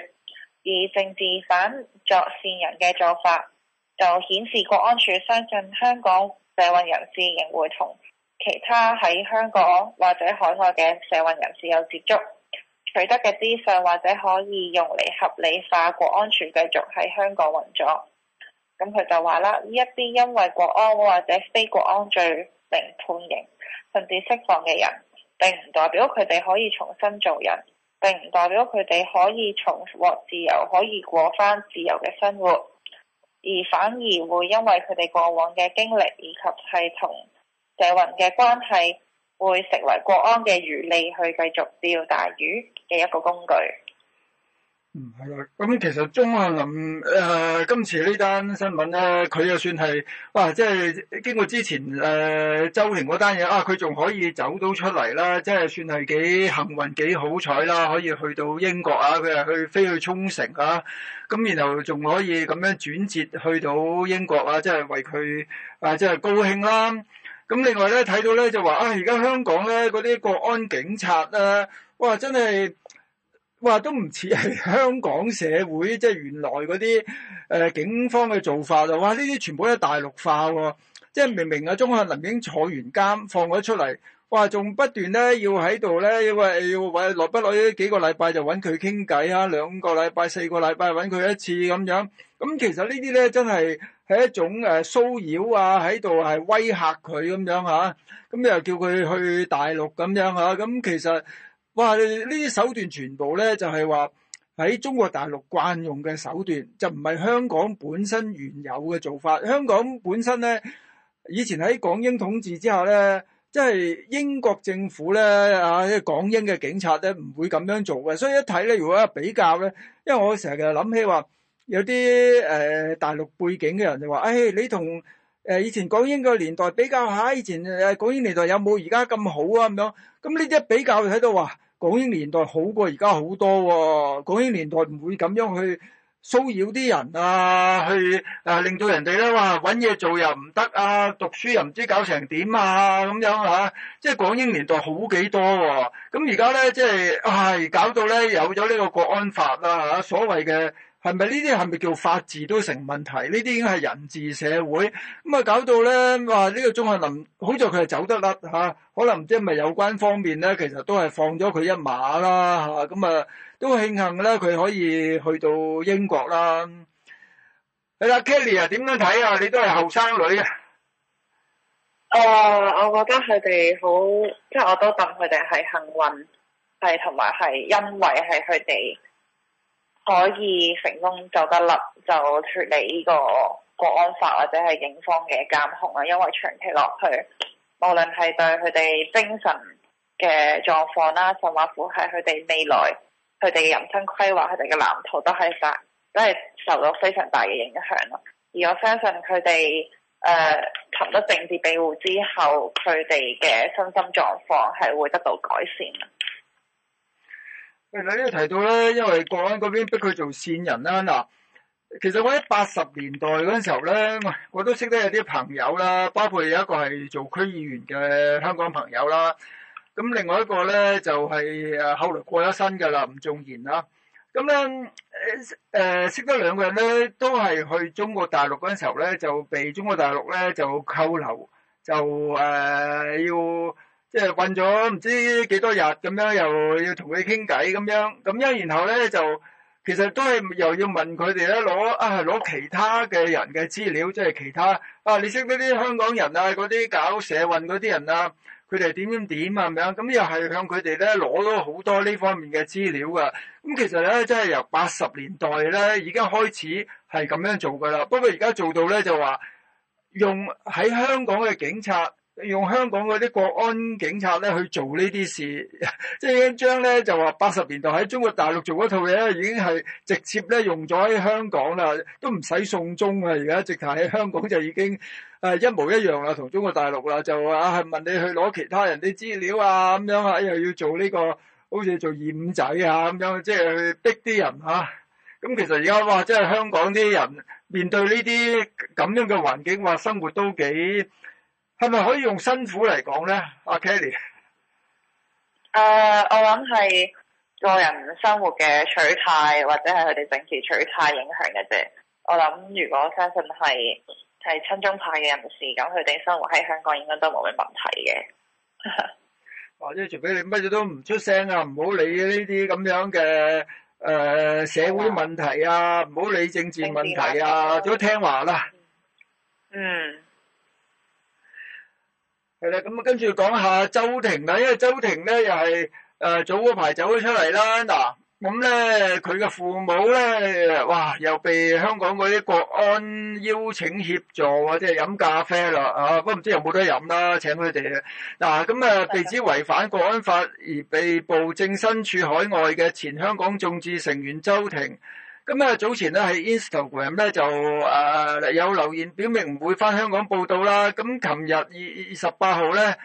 而政治犯作線人嘅做法，就顯示國安處相信香港社運人士仍會同其他喺香港或者海外嘅社運人士有接觸。取得嘅資訊或者可以用嚟合理化國安全繼續喺香港運作。咁佢就話啦，呢一啲因為國安或者非國安罪並判刑甚至釋放嘅人，並唔代表佢哋可以重新做人，並唔代表佢哋可以重獲自由，可以過翻自由嘅生活，而反而會因為佢哋過往嘅經歷以及係同社運嘅關係，會成為國安嘅漁利去繼續釣大魚嘅一個工具。嗯，係啦，咁其實鍾翰林誒、呃，今次呢單新聞咧，佢又算係哇，即、就、係、是、經過之前誒、呃、周庭嗰單嘢啊，佢仲可以走到出嚟啦，即、啊、係算係幾幸運幾好彩啦，可以去到英國啊，佢係去飛去沖繩啊，咁然後仲可以咁樣轉折去到英國啊，即、就、係、是、為佢啊，即係高興啦。啊咁另外咧睇到咧就話啊，而家香港咧嗰啲國安警察啊，哇真係，哇都唔似係香港社會即係原來嗰啲誒警方嘅做法就哇，呢啲全部都係大陸化喎，即係明明啊，鍾翰林已經坐完監放咗出嚟，哇仲不斷咧要喺度咧，因為要揾來不來幾個禮拜就揾佢傾偈啊，兩個禮拜、四個禮拜揾佢一次咁樣。咁其實呢啲咧真係。係一種誒騷擾啊，喺度係威嚇佢咁樣吓，咁又叫佢去大陸咁樣吓，咁其實哇，呢啲手段全部咧就係話喺中國大陸慣用嘅手段，就唔係香港本身原有嘅做法。香港本身咧，以前喺港英統治之下咧，即係英國政府咧啊，港英嘅警察咧唔會咁樣做嘅，所以一睇咧，如果比較咧，因為我成日諗起話。有啲誒、呃、大陸背景嘅人就話，誒、哎，你同誒以前港英個年代比較下，以前誒港英年代有冇而家咁好啊？咁樣，咁呢啲比較喺度話，港英年代好過而家好多，哦。港英年代唔會咁樣去騷擾啲人啊，去誒、呃、令到人哋咧話搵嘢做又唔得啊，讀書又唔知搞成點啊，咁樣吓、啊，即係港英年代好幾多，哦。咁而家咧即係，唉、哎，搞到咧有咗呢個國安法啦、啊，所謂嘅。係咪呢啲係咪叫法治都成問題？呢啲已經係人治社會咁啊！搞到咧話呢個鍾翰林，好在佢係走得甩嚇、啊，可能唔知咪有關方面咧，其實都係放咗佢一馬啦嚇。咁啊，啊都慶幸咧，佢可以去到英國啦。你、啊、阿 Kelly 啊，點樣睇啊？你都係後生女啊？誒，uh, 我覺得佢哋好，即係我都戥佢哋係幸運，係同埋係因為係佢哋。可以成功走得甩，就脫離呢個國安法或者係警方嘅監控啊，因為長期落去，無論係對佢哋精神嘅狀況啦，甚或乎係佢哋未來，佢哋嘅人生規劃，佢哋嘅藍圖都係大都係受到非常大嘅影響咯。而我相信佢哋誒，尋、呃、咗政治庇護之後，佢哋嘅身心狀況係會得到改善。你呢個提到咧，因為國安嗰邊逼佢做線人啦。嗱，其實我喺八十年代嗰陣時候咧，我都識得有啲朋友啦，包括有一個係做區議員嘅香港朋友啦。咁另外一個咧就係誒後來過咗身㗎喇，吳仲賢啦。咁咧誒識得兩個人咧，都係去中國大陸嗰陣時候咧，就被中國大陸咧就扣留，就誒、呃、要。即係困咗唔知幾多日咁樣，又要同佢傾偈咁樣，咁樣然後咧就，其實都係又要問佢哋咧，攞啊係攞其他嘅人嘅資料，即係其他啊，你識嗰啲香港人啊，嗰啲搞社運嗰啲人啊，佢哋點點點啊，咁樣，咁又係向佢哋咧攞咗好多呢方面嘅資料噶。咁其實咧，即係由八十年代咧已經開始係咁樣做噶啦。不過而家做到咧就話，用喺香港嘅警察。用香港嗰啲國安警察咧去做呢啲事，即係將咧就話八十年代喺中國大陸做嗰套嘢已經係直接咧用咗喺香港啦，都唔使送中啊！而家直頭喺香港就已經誒一模一樣啦，同中國大陸啦就話係問你去攞其他人啲資料啊咁樣啊，又要做呢個好似做二五仔啊咁樣，即係逼啲人啊！咁 (laughs) 其實而家話即係香港啲人面對呢啲咁樣嘅環境，話生活都幾～係咪可以用辛苦嚟講咧？阿、ah, Kelly，誒，uh, 我諗係個人生活嘅取態，或者係佢哋政治取態影響嘅啫。我諗如果相信係係親中派嘅人士，咁佢哋生活喺香港應該都冇咩問題嘅。哦，即係除非你乜嘢都唔出聲啊，唔好、啊、理呢啲咁樣嘅誒、呃、社會問題啊，唔好、啊、理政治問題啊，都、啊、聽話啦、啊嗯。嗯。係啦，咁啊，跟住講下周庭啦，因為周庭咧又係誒早嗰排走咗出嚟啦，嗱，咁咧佢嘅父母咧，哇，又被香港嗰啲國安邀請協助或者係飲咖啡啦，吓、啊，都唔知有冇得飲啦，請佢哋，嗱，咁、嗯、啊，呃、的被指違反國安法而被捕，正身處海外嘅前香港眾志成員周庭。咁啊，早前咧喺 Instagram 咧就誒、呃、有留言表明唔會返香港報道啦。咁琴日二二十八號咧，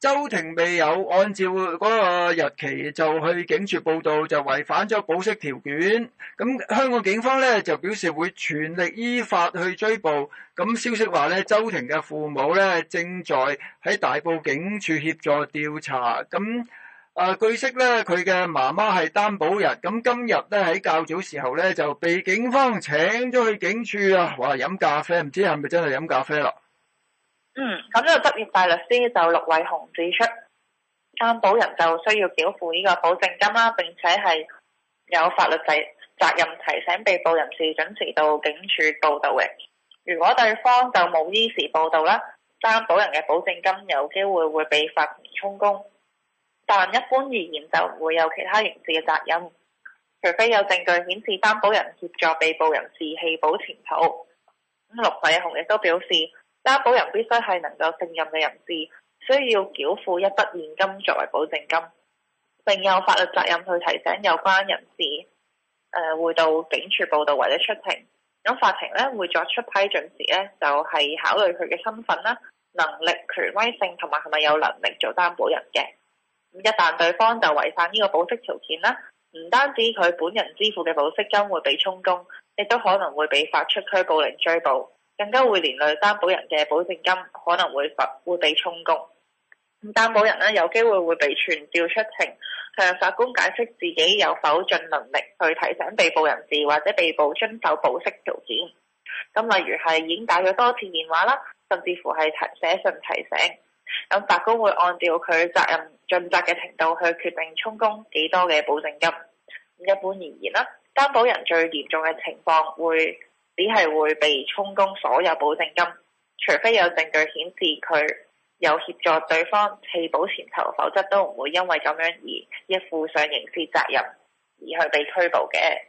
周庭未有按照嗰個日期就去警署報道，就違反咗保釋條件。咁香港警方咧就表示會全力依法去追捕。咁消息話咧，周庭嘅父母咧正在喺大埔警署協助調查。咁。啊！據悉咧，佢嘅媽媽係擔保人，咁今日咧喺較早時候咧就被警方請咗去警署啊，話飲咖啡，唔知係咪真係飲咖啡啦？嗯，咁、那、呢個執業大律師就陸偉雄指出，擔保人就需要繳付呢個保證金啦、啊，並且係有法律責責任提醒被捕人士準時到警署報到嘅。如果對方就冇依時報到啦，擔保人嘅保證金有機會會被法庭充公。但一般而言就唔會有其他刑事嘅責任，除非有證據顯示擔保人協助被捕人士棄保潛逃。咁陸偉雄亦都表示，擔保人必須係能夠勝任嘅人士，需要繳付一筆現金作為保證金，並有法律責任去提醒有關人士，誒、呃、回到警署報到或者出庭。咁法庭咧會作出批准時咧，就係、是、考慮佢嘅身份啦、能力、權威性，同埋係咪有能力做擔保人嘅。一旦對方就違反呢個保釋條件啦，唔單止佢本人支付嘅保釋金會被充公，亦都可能會被發出拘捕令追捕，更加會連累擔保人嘅保證金可能會罰會被充公。擔保人呢有機會會被傳召出庭，向法官解釋自己有否盡能力去提醒被捕人士或者被捕遵守保釋條件。咁例如係已經打咗多次電話啦，甚至乎係提寫信提醒。咁法官會按照佢責任盡責嘅程度去決定充公幾多嘅保證金。一般而言啦，擔保人最嚴重嘅情況會只係會被充公所有保證金，除非有證據顯示佢有協助對方棄保潛逃，否則都唔會因為咁樣而一負上刑事責任而去被拘捕嘅。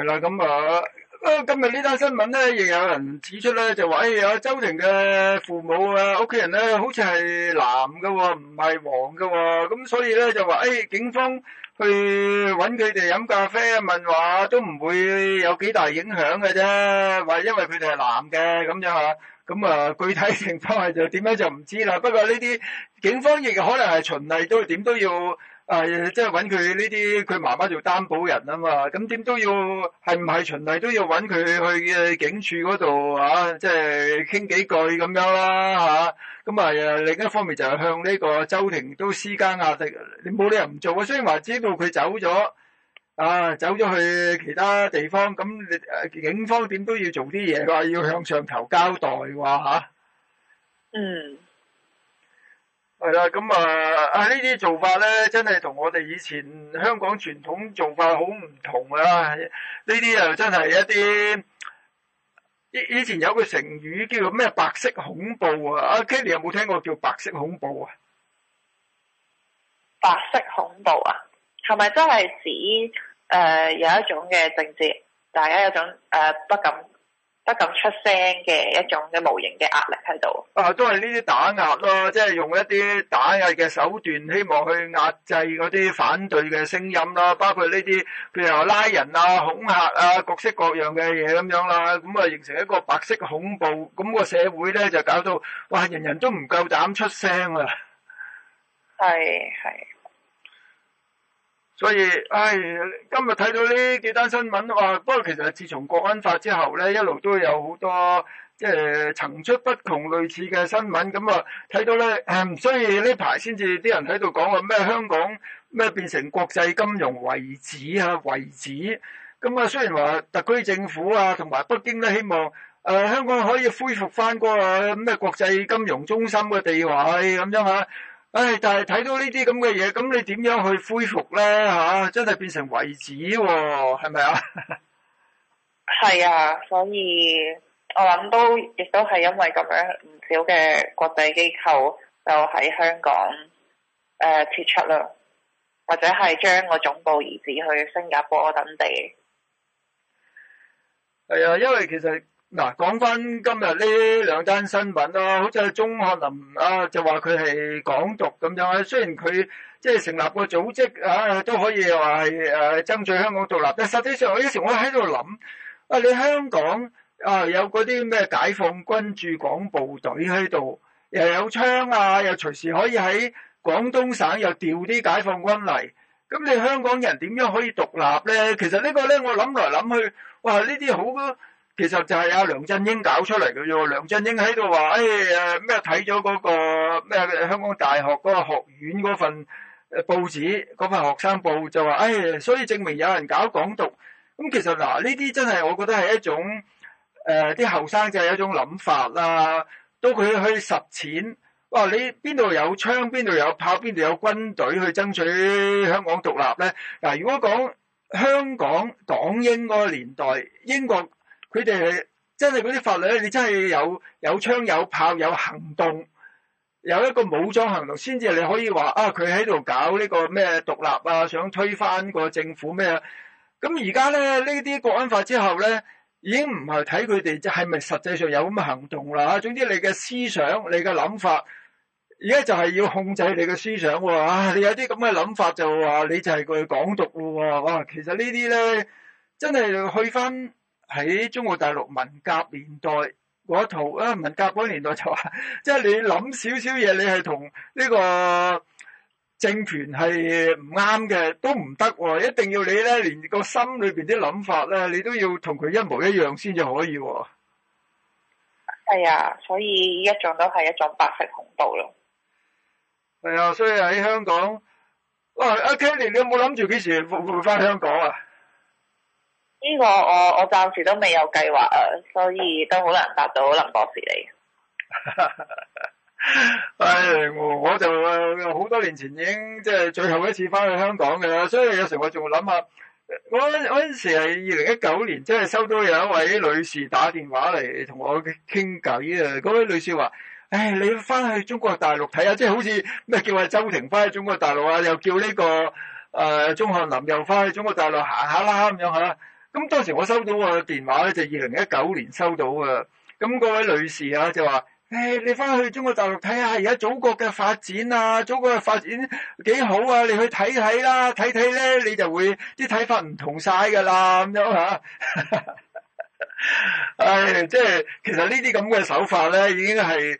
係啦，咁啊。啊！今日呢單新聞咧，亦有人指出咧，就話：，誒，阿周庭嘅父母啊，屋企人咧，好似係男嘅喎，唔係黃嘅喎。咁所以咧，就話：，誒，警方去揾佢哋飲咖啡、問話，都唔會有幾大影響嘅啫。話因為佢哋係男嘅，咁樣啊。咁啊，具體情況係就點咧，就唔知啦。不過呢啲警方亦可能係循例，都點都要。係即係揾佢呢啲，佢，啊就是媽媽做擔保人啊嘛，咁點都要係唔係，是是，循例都要揾佢去警署嗰度啊，即係傾幾句咁樣啦嚇。咁啊，啊另一方面就係向呢個周庭都施加壓力，你冇理由唔做啊。雖然話知道佢走咗，啊走咗去其他地方，咁你警方點都要做啲嘢，話要向上頭交代話，啊啊，嗯。係啦，咁、嗯、啊，啊呢啲做法咧，真係同我哋以前香港傳統做法好唔同啊！呢啲又真係一啲以以前有個成語叫做咩白色恐怖啊！阿 Kenny 有冇聽過叫白色恐怖啊？白色恐怖啊？係咪真係指誒、呃、有一種嘅政治，大家有種誒、呃、不敢？不敢出聲嘅一種嘅無形嘅壓力喺度，啊，都係呢啲打壓咯，即係用一啲打壓嘅手段，希望去壓制嗰啲反對嘅聲音啦，包括呢啲，譬如話拉人啊、恐嚇啊，各式各樣嘅嘢咁樣啦，咁啊，形成一個白色恐怖，咁個社會咧就搞到，哇，人人都唔夠膽出聲啦，係係。所以，唉，今日睇到呢幾單新聞，話、啊、不過其實自從國安法之後咧，一路都有好多即係、就是呃、層出不窮類似嘅新聞。咁、嗯、啊，睇到咧，唔需要呢排先至啲人喺度講話咩香港咩變成國際金融遺址啊，遺址咁啊，雖然話特區政府啊同埋北京都希望誒、呃、香港可以恢復翻、那、嗰個咩、啊、國際金融中心嘅地位咁樣嚇、啊。唉、哎，但係睇到呢啲咁嘅嘢，咁你點樣去恢復咧？吓、啊，真係變成遺址喎，係咪啊？係 (laughs) 啊，所以我諗都亦都係因為咁樣，唔少嘅國際機構就喺香港誒撤、呃、出啦，或者係將個總部移至去新加坡等地。係啊、哎，因為其實。嗱，講翻今日呢兩單新聞啦，好似係鍾翰林啊，就話佢係港獨咁樣。雖然佢即係成立個組織啊，都可以話係誒爭取香港獨立。但實際上，有時我喺度諗啊，你香港啊有嗰啲咩解放軍駐港部隊喺度，又有槍啊，又隨時可以喺廣東省又調啲解放軍嚟。咁你香港人點樣可以獨立咧？其實呢個咧，我諗來諗去，哇！呢啲好～其實就係阿梁振英搞出嚟嘅啫，梁振英喺度話，誒咩睇咗嗰個咩香港大學嗰個學院嗰份報紙嗰份學生報就，就、哎、話，誒所以證明有人搞港獨。咁、嗯、其實嗱，呢啲真係我覺得係一種誒啲後生就係一種諗法啦。到佢去實踐，哇！你邊度有槍，邊度有炮，邊度有軍隊去爭取香港獨立咧？嗱，如果講香港港英嗰個年代，英國。佢哋係真係嗰啲法律咧，你真係有有槍有炮有行動，有一個武裝行動先至你可以話啊。佢喺度搞呢個咩獨立啊，想推翻個政府咩啊？咁而家咧呢啲國安法之後咧，已經唔係睇佢哋係咪實際上有咁嘅行動啦。啊，總之你嘅思想、你嘅諗法，而家就係要控制你嘅思想喎。啊，你有啲咁嘅諗法就話你就係佢港獨咯喎。哇、啊，其實呢啲咧真係去翻，喺中國大陸文革年代嗰套啊，文革嗰年代就話，即係你諗少少嘢，你係同呢個政權係唔啱嘅，都唔得喎，一定要你咧，連個心裏邊啲諗法咧，你都要同佢一模一樣先至可以喎。係啊，所以一種都係一種白色恐怖咯。係啊，所以喺香港，喂、啊，阿 Kenny，你有冇諗住幾時回返香港啊？呢個我我暫時都未有計劃啊，所以都好難答到林博士你。唉、 (laughs) 哎，我就好多年前已經即係最後一次翻去香港嘅啦，所以有成我仲諗下，我嗰陣時係二零一九年，即係收到有一位女士打電話嚟同我傾偈啊。嗰位女士話：唉、哎，你翻去中國大陸睇下，即係好似咩叫阿周庭去中國大陸啊，又叫呢、這個誒鍾翰林又翻去中國大陸行下啦咁樣吓。咁當時我收到個電話咧，就二零一九年收到㗎。咁嗰位女士啊，就話：誒，你翻去中國大陸睇下，而家祖國嘅發展啊，祖國嘅發展幾好啊！你去睇睇啦，睇睇咧你就會啲睇法唔同晒㗎啦，咁樣嚇。唉， (laughs) 即係其實呢啲咁嘅手法咧，已經係。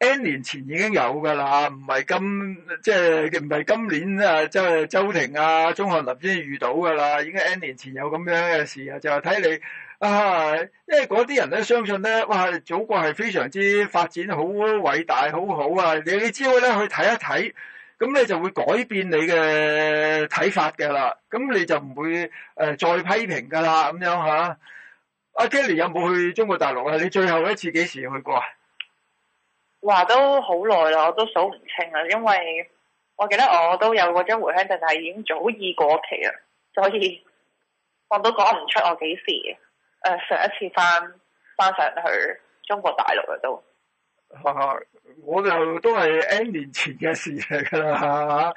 N 年前已經有噶啦，唔係今，即係唔係今年啊，即係周庭啊、鍾翰林先遇到噶啦，已經 N 年前有咁樣嘅事啊，就係睇你啊，因為嗰啲人咧相信咧，哇，祖國係非常之發展好、偉大、好好啊，你只要咧去睇一睇，咁咧就會改變你嘅睇法嘅啦，咁你就唔會誒再批評噶啦，咁樣吓。阿 Kelly 有冇去中國大陸啊？你最後一次幾時去過啊？話都好耐啦，我都數唔清啦，因為我記得我都有嗰張回鄉證，但係已經早已過期啦，所以我都講唔出我幾時誒上一次翻翻上去中國大陸嘅都。我就都係 N 年前嘅事嚟噶啦，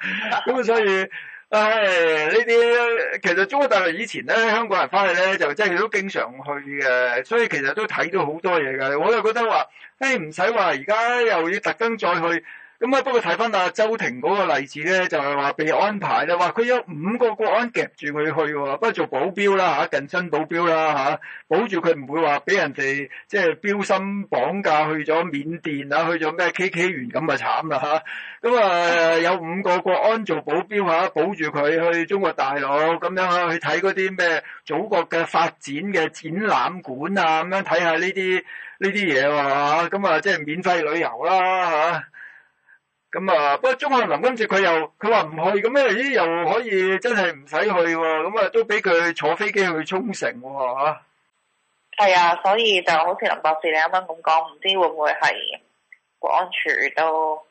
咁所以。唉，呢啲其實中國大陸以前咧，香港人翻去咧就即係都經常去嘅，所以其實都睇到好多嘢㗎。我就覺得話，唉，唔使話，而家又要特登再去。咁啊，不過睇翻阿周庭嗰個例子咧，就係話被安排啦，話佢有五個國安夾住佢去，不過做保鏢啦嚇，近身保鏢啦嚇、啊，保住佢唔會話俾人哋即係標心綁架去咗緬甸啊，去咗咩 KK 園咁啊慘啦嚇！咁啊有五個國安做保鏢嚇、啊，保住佢去中國大陸咁樣、啊、去睇嗰啲咩祖國嘅發展嘅展覽館啊，咁樣睇下呢啲呢啲嘢喎嚇，咁啊即係、啊啊啊就是、免費旅遊啦嚇。啊咁啊，不過鍾翰林今次佢又，佢話唔去咁咧，咦又可以真係唔使去喎、啊，咁啊都俾佢坐飛機去沖繩喎吓。係啊,啊，所以就好似林博士你啱啱咁講，唔知會唔會係國安處都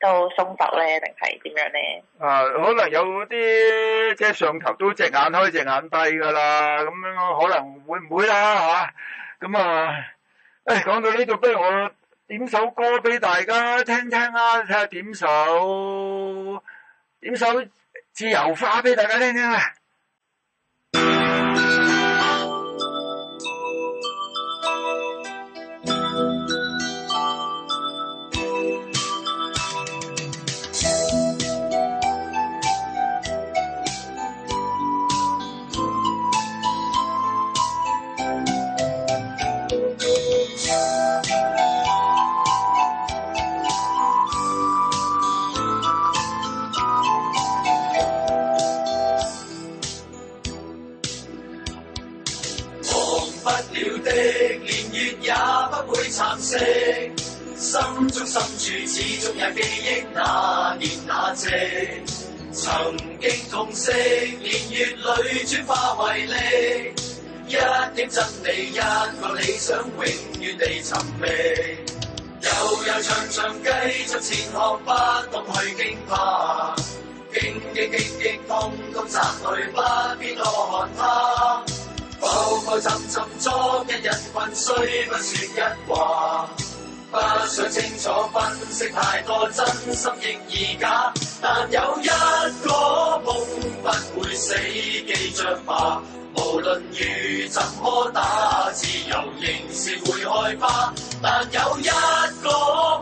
都鬆手咧，定係點樣咧？啊，可能有啲即係上頭都隻眼開隻眼閉噶啦，咁樣可能會唔會啦吓？咁啊，誒、啊，講到呢度，不如我。點首歌畀大家聽聽啊！睇下點首，點首《自由花》畀大家聽聽啊！始終也記憶那年那夕，曾經痛惜，年月裏轉化為力，一點真理，一個理想，永遠地尋覓。悠悠長長，繼續前行，不懂去驚怕，驚驚驚驚，驚，風中散去，不必多看他。浮浮沉沉，昨一日困雖不說一話。不想清楚分析太多，真心亦以假。但有一個夢不會死，記著吧。無論雨怎麼打，自由仍是會開花。但有一個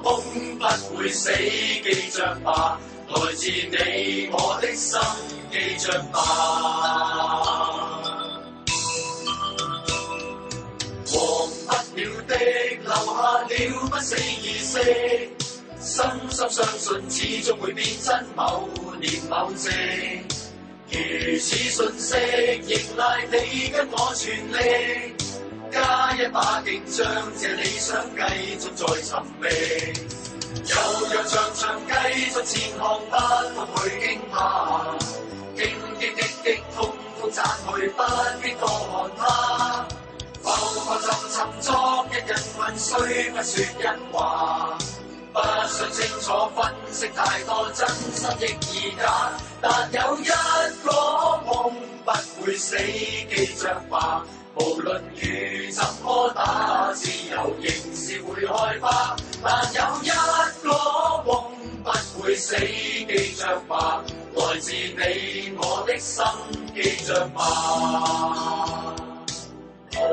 夢不會死，記著吧。來自你我的心，記著吧。的留下了不死意識，深深相信始終會變真。某年某夕，如此信息仍賴你跟我全力，加一把勁，將這理想繼續再尋覓，悠悠長長繼續前行不驚，驚極極極極極不去驚怕，荊棘棘棘通通暫去，不必多看他。浮浮沉沉捉一人人，雖不說人話，不想清楚分析太多，真心亦易假。但有一個夢不會死，記着吧。無論雨怎麼打，自由仍是會開花。但有一個夢不會死，記着吧。來自你我的心，記着吧。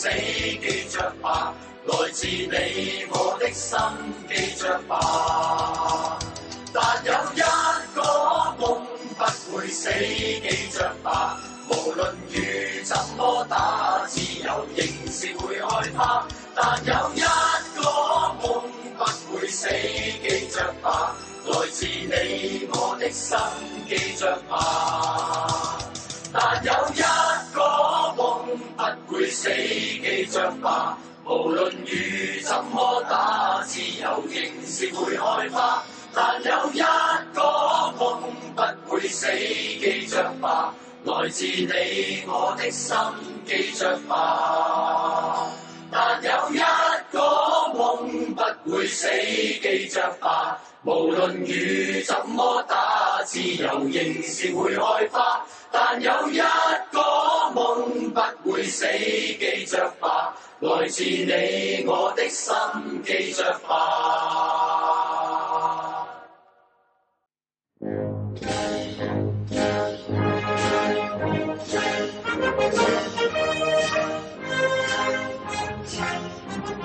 死，記著吧，來自你我的心，記著吧。但有一個夢不會死，記著吧，無論雨怎麼打，自由仍是會開花。但有一個夢不會死，記著吧，來自你我的心，記著吧。但有一。但有一死，記着吧，無論雨怎麼打，自由仍是會開花。但有一個夢不會死，記着吧，來自你我的心，記着吧。但有一個夢不會死，記着吧。無論雨怎麼打，自由仍是會開花。但有一個夢不會死，記着吧。來自你我的心，記着吧。 (music)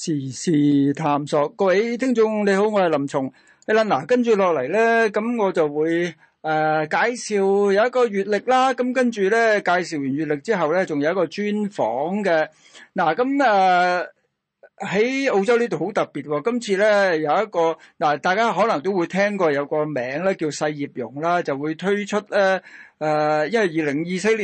時事探索，各位聽眾你好，我係林松。跟住落嚟呢，咁我就會呃介紹有一個月曆啦，咁跟住呢介紹完月曆之後呢，仲有一個專訪嘅嗱，咁呃喺澳洲呢度好特別，今次呢有一個大家可能都會聽過，有個名呢叫細葉榕，就會推出呢呃因為2024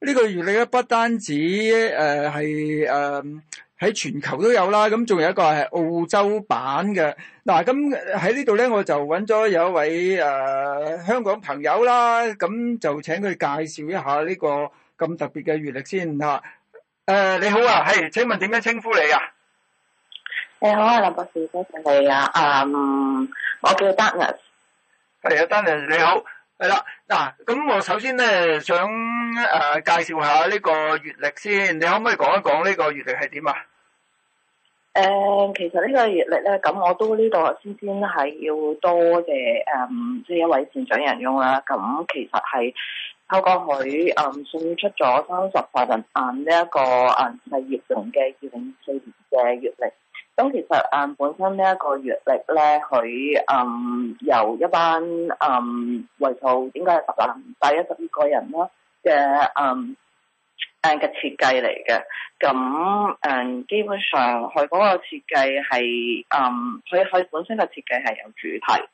呢個月曆咧，不單止誒係誒喺全球都有啦，咁仲有一個係澳洲版嘅。嗱、啊，咁喺呢度咧，我就揾咗有一位誒、呃、香港朋友啦，咁、啊、就請佢介紹一下呢個咁特別嘅月曆先吓。誒，你好啊，係，請問點樣稱呼你啊？你好啊，林博士，多謝你啊。啊，我叫丹尼。係啊，丹尼你好。係啦，嗱，咁、啊、我首先咧想誒、呃、介紹下呢個月曆先，你可唔可以講一講呢個月曆係點啊？誒、嗯，其實呢個月曆咧，咁我都呢度先先係要多謝誒，即、嗯、係一位善長仁翁啦。咁、嗯、其實係透過佢誒送出咗三十萬人誒呢一個誒事業用嘅二零二四年嘅月曆。咁、嗯、其實誒、嗯、本身呢一個月曆咧，佢誒、嗯、由一班誒為數應該係十零、大一十二個人啦嘅誒誒嘅設計嚟嘅。咁、嗯、誒、嗯、基本上佢嗰個設計係誒佢佢本身嘅設計係有主題。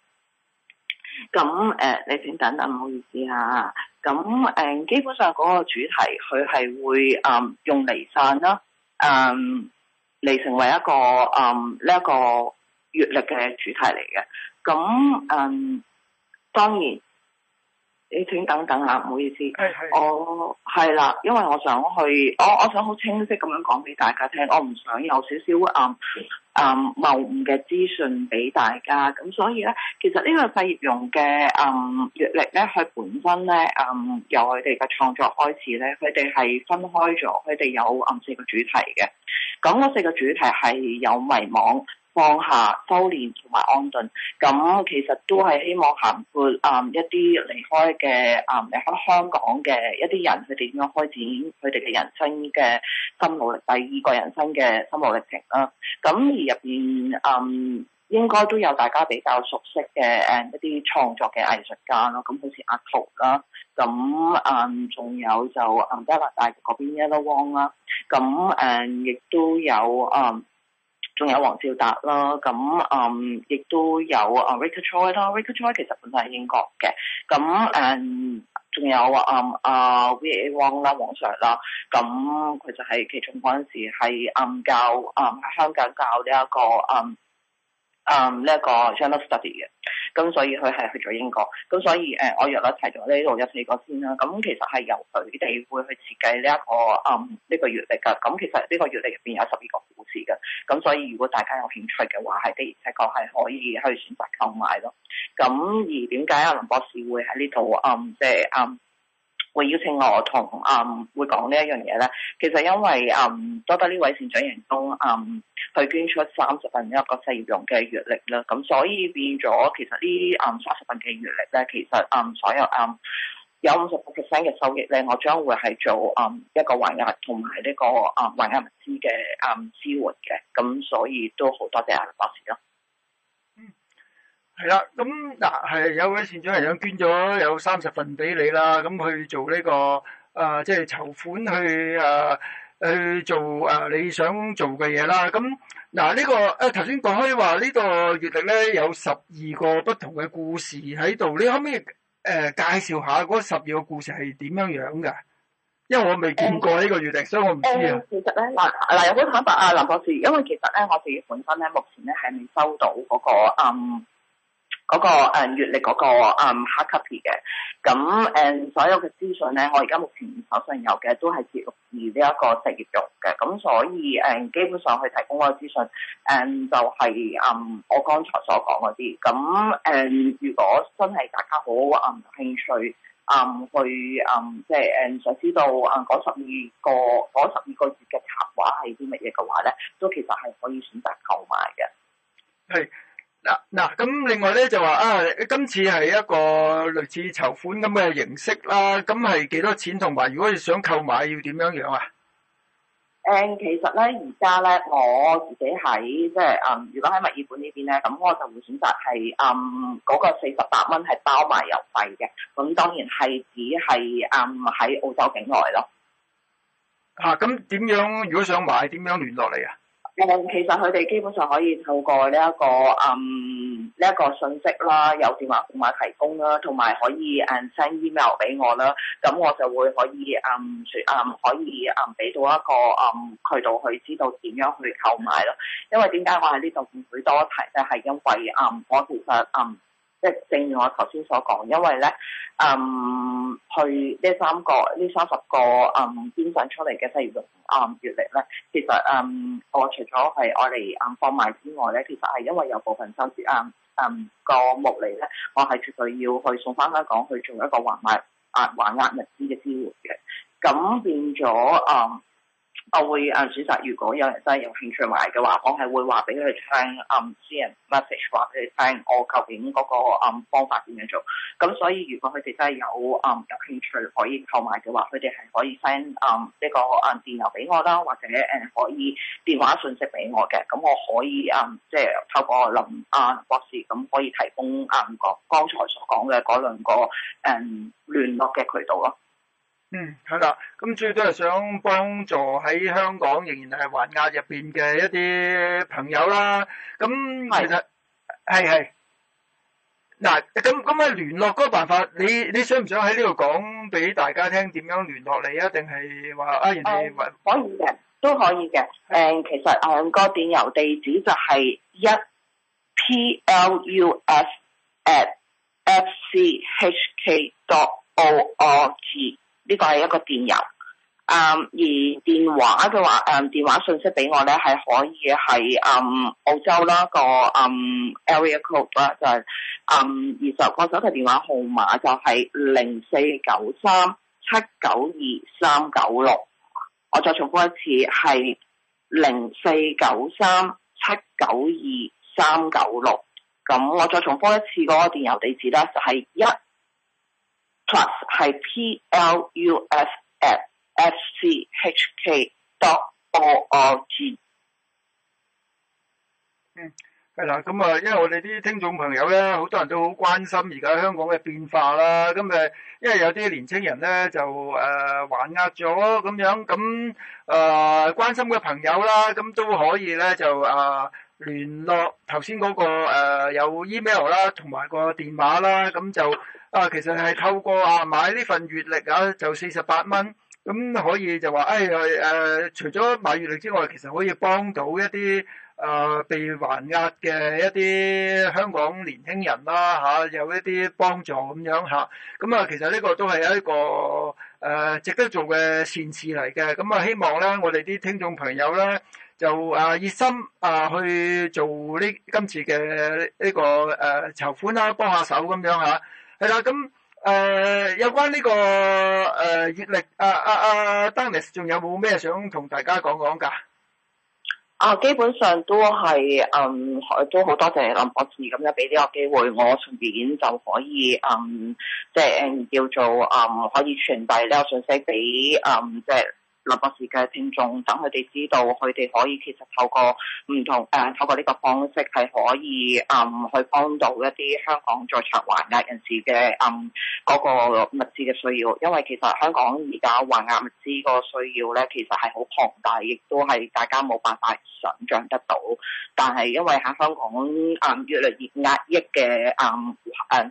咁、嗯、誒、嗯、你先等等，唔好意思吓、啊。咁、嗯、誒、嗯、基本上嗰個主題佢係會誒、嗯、用離散啦，誒、嗯，嚟成為一個嗯呢一個月曆嘅主題嚟嘅，咁嗯當然。你請等等下，唔好意思，是是我係啦，因為我想去，我我想好清晰咁樣講俾大家聽，我唔想有少少暗，嗯，謬誤嘅資訊俾大家，咁所以咧，其實呢個細葉榕嘅嗯月曆咧，佢本身咧，嗯，由佢哋嘅創作開始咧，佢哋係分開咗，佢哋有嗯四個主題嘅，咁嗰四個主題係有迷惘、放下、修煉同埋安頓，咁、嗯、其實都係希望涵括啊、嗯、一啲離開嘅啊、嗯、離開香港嘅一啲人，佢哋點樣開展佢哋嘅人生嘅心路歷，第二個人生嘅心路歷程啦。咁、啊嗯、而入邊啊，應該都有大家比較熟悉嘅誒一啲創作嘅藝術家咯。咁好似阿圖啦，咁啊仲、嗯、有就啊加拿大嗰邊 Yellow 啦，咁誒亦都有啊。嗯仲有黃兆達啦，咁嗯，亦都有啊 Richard Choi 啦，Richard Choi 其實本身係英國嘅，咁誒，仲、嗯、有、嗯、啊啊 V A Wong 啦、啊，王 Sir 啦、啊，咁、嗯、佢就係其中嗰陣時係暗、嗯、教啊、嗯，香港教呢、這、一個啊。嗯嗯，呢一個 journal study 嘅，咁所以佢係去咗英國，咁所以誒，我若咗提咗呢度一四個先啦，咁其實係由佢哋會去設計呢一個嗯呢個月曆噶，咁其實呢個月曆入邊有十二個故事嘅，咁所以如果大家有興趣嘅話，係的而且確係可以去選擇購買咯，咁而點解阿林博士會喺呢度？嗯即係嗯？會邀請我同嗯，會講呢一樣嘢咧，其實因為嗯多得呢位善長員工嗯去捐出三十份呢個細葉榕嘅月曆啦，咁所以變咗其實呢啲嗯三十份嘅月曆咧，其實嗯所有嗯有五十五 percent 嘅收益咧，我將會係做嗯一個還押同埋呢個啊還押物資嘅啊支援嘅，咁所以都好多謝阿博士咯。係啦，咁嗱，係有位善長人想捐咗有三十份俾你啦，咁去做呢、這個啊、呃，即係籌款去啊、呃，去做啊、呃、你想做嘅嘢啦。咁嗱，呢、呃這個誒頭先講開話呢個月曆咧有十二個不同嘅故事喺度，你可唔可以誒介紹下嗰十二個故事係點樣樣嘅？因為我未見過呢個月曆，嗯、所以我唔知啊、嗯嗯。其實咧，嗱、嗯，嗱有好坦白啊，林博士，因為其實咧，我哋本身咧目前咧係未收到嗰、那個嗯。嗯嗰個誒月曆嗰、那個誒、嗯、黑卡片嘅，咁誒、嗯、所有嘅資訊咧，我而家目前手上有嘅都係記錄於呢一個職業用嘅，咁所以誒、嗯、基本上佢提供嗰個資訊、嗯、就係、是、誒、嗯、我剛才所講嗰啲，咁誒、嗯、如果真係大家好誒、嗯、興趣誒、嗯、去誒即係誒想知道誒嗰十二個嗰十二個月嘅插畫係啲乜嘢嘅話咧，都其實係可以選擇購買嘅。係。嗱嗱咁，啊、另外咧就話啊，今次係一個類似籌款咁嘅形式啦。咁係幾多錢？同埋如果你想購買，要點樣樣啊？誒、嗯，其實咧而家咧我自己喺即係嗯，如果喺墨爾本邊呢邊咧，咁我就會選擇係啊，嗰、嗯嗰個四十八蚊係包埋郵費嘅。咁當然係只係啊，喺、嗯、澳洲境內咯。啊，咁點樣？如果想買，點樣聯絡你啊？誒、嗯，其實佢哋基本上可以透過呢一個，嗯，呢一個信息啦，有電話號碼提供啦，同埋可以誒 send email 俾我啦，咁我就會可以，嗯，説，嗯，可以，嗯，俾到一個，嗯，渠道去知道點樣去購買咯。因為點解我喺呢度唔會多提就係因為，嗯，我其實，嗯。即係正如我頭先所講，因為咧，嗯，去呢三個呢三十個嗯編審出嚟嘅，譬如誒月曆咧，其實嗯，我除咗係我哋嗯放買之外咧，其實係因為有部分收結啊嗯，嗯個目嚟咧，我係絕對要去送翻香港去做一個還買啊還押物資嘅支援嘅，咁變咗啊。嗯我會誒選擇，如果有人真係有興趣買嘅話，我係會話俾佢聽，誒私人 message 話俾佢聽，我究竟嗰、那個、嗯、方法點樣做。咁所以，如果佢哋真係有誒、嗯、有興趣可以購買嘅話，佢哋係可以 send 誒呢個誒電郵俾我啦，或者誒可以電話信息俾我嘅。咁我可以誒、嗯、即係透過林誒博士咁可以提供誒剛、嗯、剛才所講嘅嗰兩個誒、嗯、聯絡嘅渠道咯。嗯，係啦，咁最多係想幫助喺香港仍然係還押入邊嘅一啲朋友啦。咁其實係係嗱，咁咁嘅聯絡嗰個辦法，你你想唔想喺呢度講俾大家聽點樣聯絡你，、哎、你啊？定係話啊？人哋可以嘅，都可以嘅。誒、嗯，其實啊，個電郵地址就係一 p l u s at f c h k dot o r g、啊。呢個係一個電郵，誒、嗯、而電話嘅話，誒、嗯、電話訊息俾我咧係可以喺誒、嗯、澳洲啦個誒 area code 啦、就是，就係誒二十個手提電話號碼就係零四九三七九二三九六，6，我再重複一次係零四九三七九二三九六，咁我再重複一次個電郵地址啦，就係一。Plus p l u s e s c h k d o r g。嗯，係啦，咁啊，因為我哋啲聽眾朋友咧，好多人都好關心而家香港嘅變化啦。咁誒，因為有啲年青人咧就誒、呃、還押咗咁樣，咁、呃、誒關心嘅朋友啦，咁都可以咧就啊、呃、聯絡頭先嗰個、呃、有 email 啦，同埋個電話啦，咁就。啊，其實係透過啊買呢份月曆啊，就四十八蚊，咁可以就話誒誒，除咗買月曆之外，其實可以幫到一啲啊、呃、被還押嘅一啲香港年輕人啦、啊、嚇、啊，有一啲幫助咁樣嚇。咁啊，其實呢個都係一個誒、呃、值得做嘅善事嚟嘅。咁啊，希望咧我哋啲聽眾朋友咧，就啊熱心啊去做呢今次嘅呢、呢個誒、呃、籌款啦、啊，幫下手咁樣嚇。啊。係啦，咁誒、呃、有關呢、這個誒、呃、熱力，阿阿阿 Dennis 仲有冇咩想同大家講講㗎？啊，基本上都係嗯，都好多謝林博士咁樣俾呢個機會，我順便就可以嗯，即、就、係、是、叫做嗯，可以傳遞呢個信息俾嗯，即係。博士嘅聽眾，等佢哋知道佢哋可以其實透過唔同誒、嗯，透過呢個方式係可以嗯去幫到一啲香港在場還押人士嘅嗯、嗰個物資嘅需要，因為其實香港而家還押物資個需要咧，其實係好龐大，亦都係大家冇辦法想象得到。但係因為喺香港誒、嗯、越嚟越壓抑嘅誒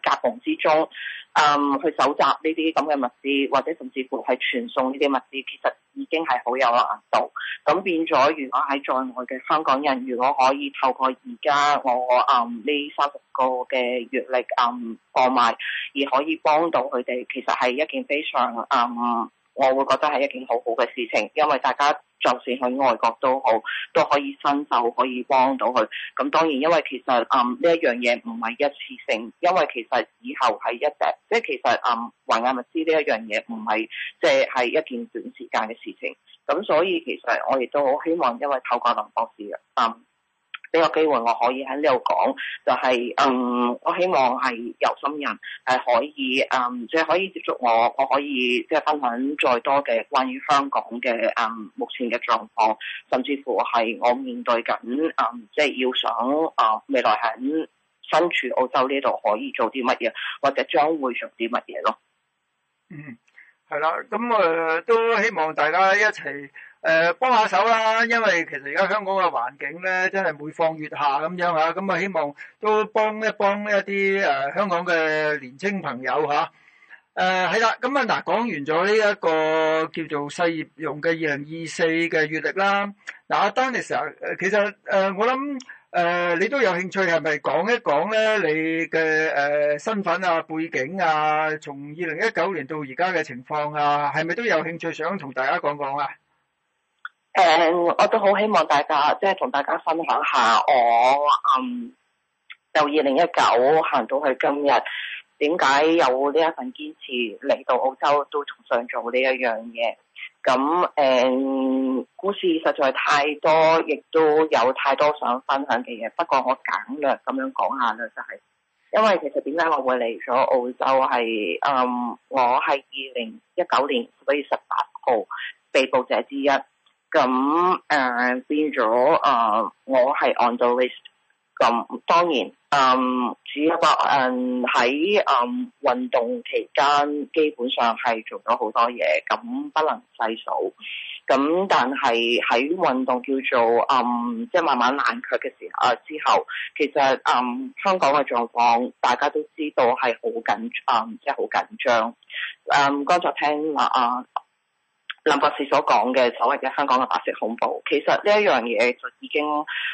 夾縫之中。嗯，um, 去搜集呢啲咁嘅物資，或者甚至乎係傳送呢啲物資，其實已經係好有難度。咁變咗，如果喺在外嘅香港人，如果可以透過而家我嗯呢三十個嘅月曆嗯購買，而可以幫到佢哋，其實係一件非常嗯。Um, 我會覺得係一件好好嘅事情，因為大家就算去外國都好，都可以伸手可以幫到佢。咁當然，因為其實啊呢、嗯、一樣嘢唔係一次性，因為其實以後係一直，即係其實啊、嗯、華亞物資呢一樣嘢唔係即係係一件短時間嘅事情。咁所以其實我亦都好希望，因為透過林博士啊。嗯俾個機會我可以喺呢度講，就係嗯，我希望係有心人誒可以嗯，即係可以接觸我，我可以即係分享再多嘅關於香港嘅嗯目前嘅狀況，甚至乎係我面對緊嗯，即係要想啊未來喺身處澳洲呢度可以做啲乜嘢，或者將會做啲乜嘢咯。嗯，係啦，咁誒都希望大家一齊。誒、呃、幫下手啦，因為其實而家香港嘅環境咧，真係每況愈下咁樣嚇，啊，咁、嗯、啊希望都幫一幫一啲誒、呃、香港嘅年青朋友嚇，啊。誒係啦，咁啊嗱，講完咗呢一個叫做細葉榕嘅二零二四嘅月曆啦。嗱、嗯，阿 Dennis 其實誒、呃、我諗誒、呃、你都有興趣，係咪講一講咧？你嘅誒身份啊，背景啊，從二零一九年到而家嘅情況啊，係咪都有興趣想同大家講講啊？誒，And, 我都好希望大家即係同大家分享下我嗯由二零一九行到去今日，點解有呢一份堅持嚟到澳洲都仲想做呢一樣嘢？咁誒、嗯，故事實在太多，亦都有太多想分享嘅嘢。不過我簡略咁樣講下啦、就是，就係因為其實點解我會嚟咗澳洲係誒、嗯，我係二零一九年十一月十八號被捕者之一。咁誒、嗯、變咗誒、呃，我係 on the list。咁、嗯、當然，嗯，只不過誒喺誒運動期間，基本上係做咗好多嘢，咁、嗯、不能細數。咁、嗯、但係喺運動叫做誒，即、嗯、係、就是、慢慢冷卻嘅時候啊之後，其實誒、嗯、香港嘅狀況大家都知道係好緊誒，即係好緊張。誒唔該，再聽、嗯、啊。林博士所講嘅所謂嘅香港嘅白色恐怖，其實呢一樣嘢就已經，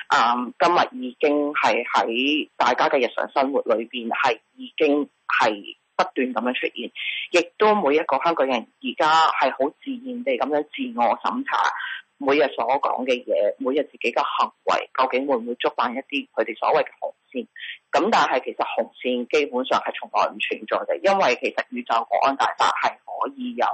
啊、嗯，今日已經係喺大家嘅日常生活裏邊係已經係不斷咁樣出現，亦都每一個香港人而家係好自然地咁樣自我審查。每日所講嘅嘢，每日自己嘅行為，究竟會唔會觸犯一啲佢哋所謂嘅紅線？咁但係其實紅線基本上係從來唔存在嘅，因為其實宇宙國安大法係可以有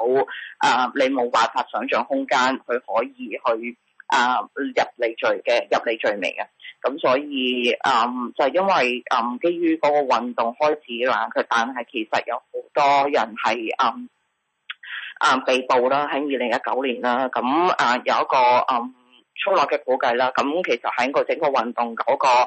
啊、呃，你冇辦法想象空間佢可以去啊、呃、入你罪嘅入你罪名嘅。咁所以啊、嗯，就係、是、因為啊、嗯，基於嗰個運動開始啦，佢但係其實有好多人係啊。嗯啊，被捕啦，喺二零一九年啦，咁啊、呃，有一個嗯粗略嘅估計啦，咁其實喺個整個運動嗰、那個、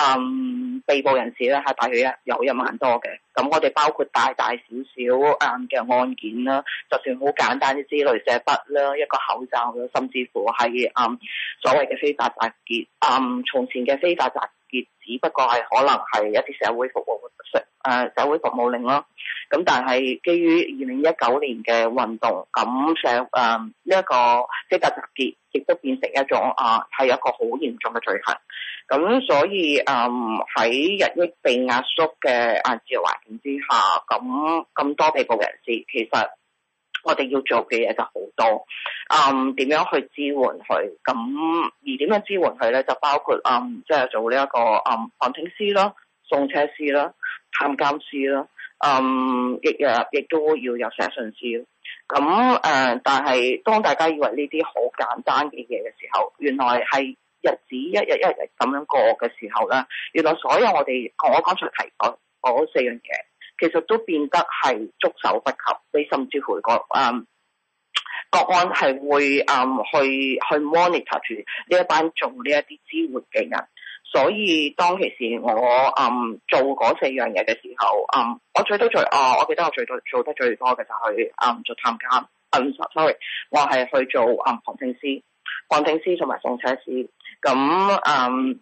嗯、被捕人士咧係大約有一有一萬多嘅，咁我哋包括大大小小啊嘅、嗯、案件啦，就算好簡單啲之類，鐳射筆啦，一個口罩啦，甚至乎係啊、嗯、所謂嘅非法集結，啊、嗯、從前嘅非法集。只不過係可能係一啲社會服務誒社會服務令咯，咁但係基於二零一九年嘅運動咁上誒呢一個非法集結，亦都變成一種啊係一個好嚴重嘅罪行，咁所以誒喺、嗯、日益被壓縮嘅啊自由環境之下，咁咁多被捕人士其實。我哋要做嘅嘢就好多，嗯，點樣去支援佢？咁而點樣支援佢咧？就包括嗯，即係做呢一個嗯，旁聽師啦、送車師啦、探監師啦，嗯，亦若亦都要有寫信師。咁誒、嗯，但係當大家以為呢啲好簡單嘅嘢嘅時候，原來係日子一日一日咁樣過嘅時候咧，原來所有我哋我剛才提過嗰四樣嘢。其實都變得係觸手不及，你甚至乎個誒國安係會誒、嗯嗯、去去 monitor 住呢一班做呢一啲支援嘅人，所以當其時我誒、嗯、做嗰四樣嘢嘅時候，誒、嗯、我最多最啊、哦，我記得我最多做得最多嘅就係誒做探監，誒、嗯、sorry，我係去做誒、嗯、旁聽師、旁聽師同埋送車師，咁誒。嗯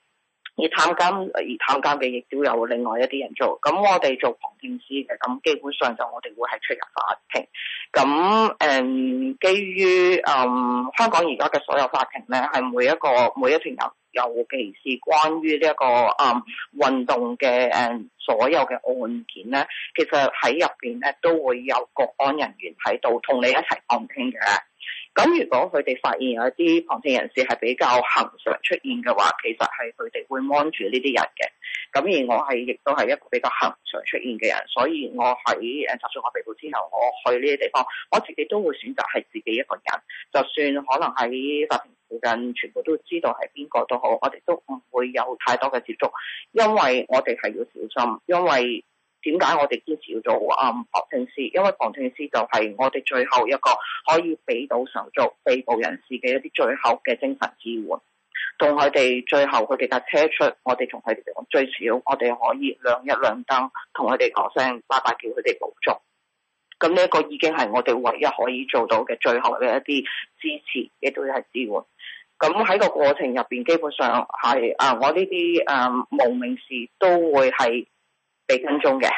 而探監而探監嘅亦都有另外一啲人做，咁我哋做旁聽師嘅，咁基本上就我哋會係出入法庭。咁誒、嗯，基於誒、嗯、香港而家嘅所有法庭咧，係每一個每一段由，尤其是關於呢、這、一個誒、嗯、運動嘅誒、嗯、所有嘅案件咧，其實喺入邊咧都會有國安人員喺度同你一齊案聽嘅。咁如果佢哋發現有一啲旁聽人士係比較恒常出現嘅話，其實係佢哋會望住呢啲人嘅。咁而我係亦都係一個比較恒常出現嘅人，所以我喺誒執著我被捕之後，我去呢啲地方，我自己都會選擇係自己一個人。就算可能喺法庭附近全部都知道係邊個都好，我哋都唔會有太多嘅接觸，因為我哋係要小心，因為。點解我哋堅持要做啊、嗯、旁聽師，因為旁聽師就係我哋最後一個可以俾到手足被捕人士嘅一啲最後嘅精神支援，同佢哋最後佢哋架車出，我哋同佢哋講最少，我哋可以亮一亮燈，同佢哋講聲拜拜，叫佢哋保重。咁呢一個已經係我哋唯一可以做到嘅最後嘅一啲支持，亦都係支援。咁喺個過程入邊，基本上係啊、呃，我呢啲啊無名氏都會係。被跟蹤嘅，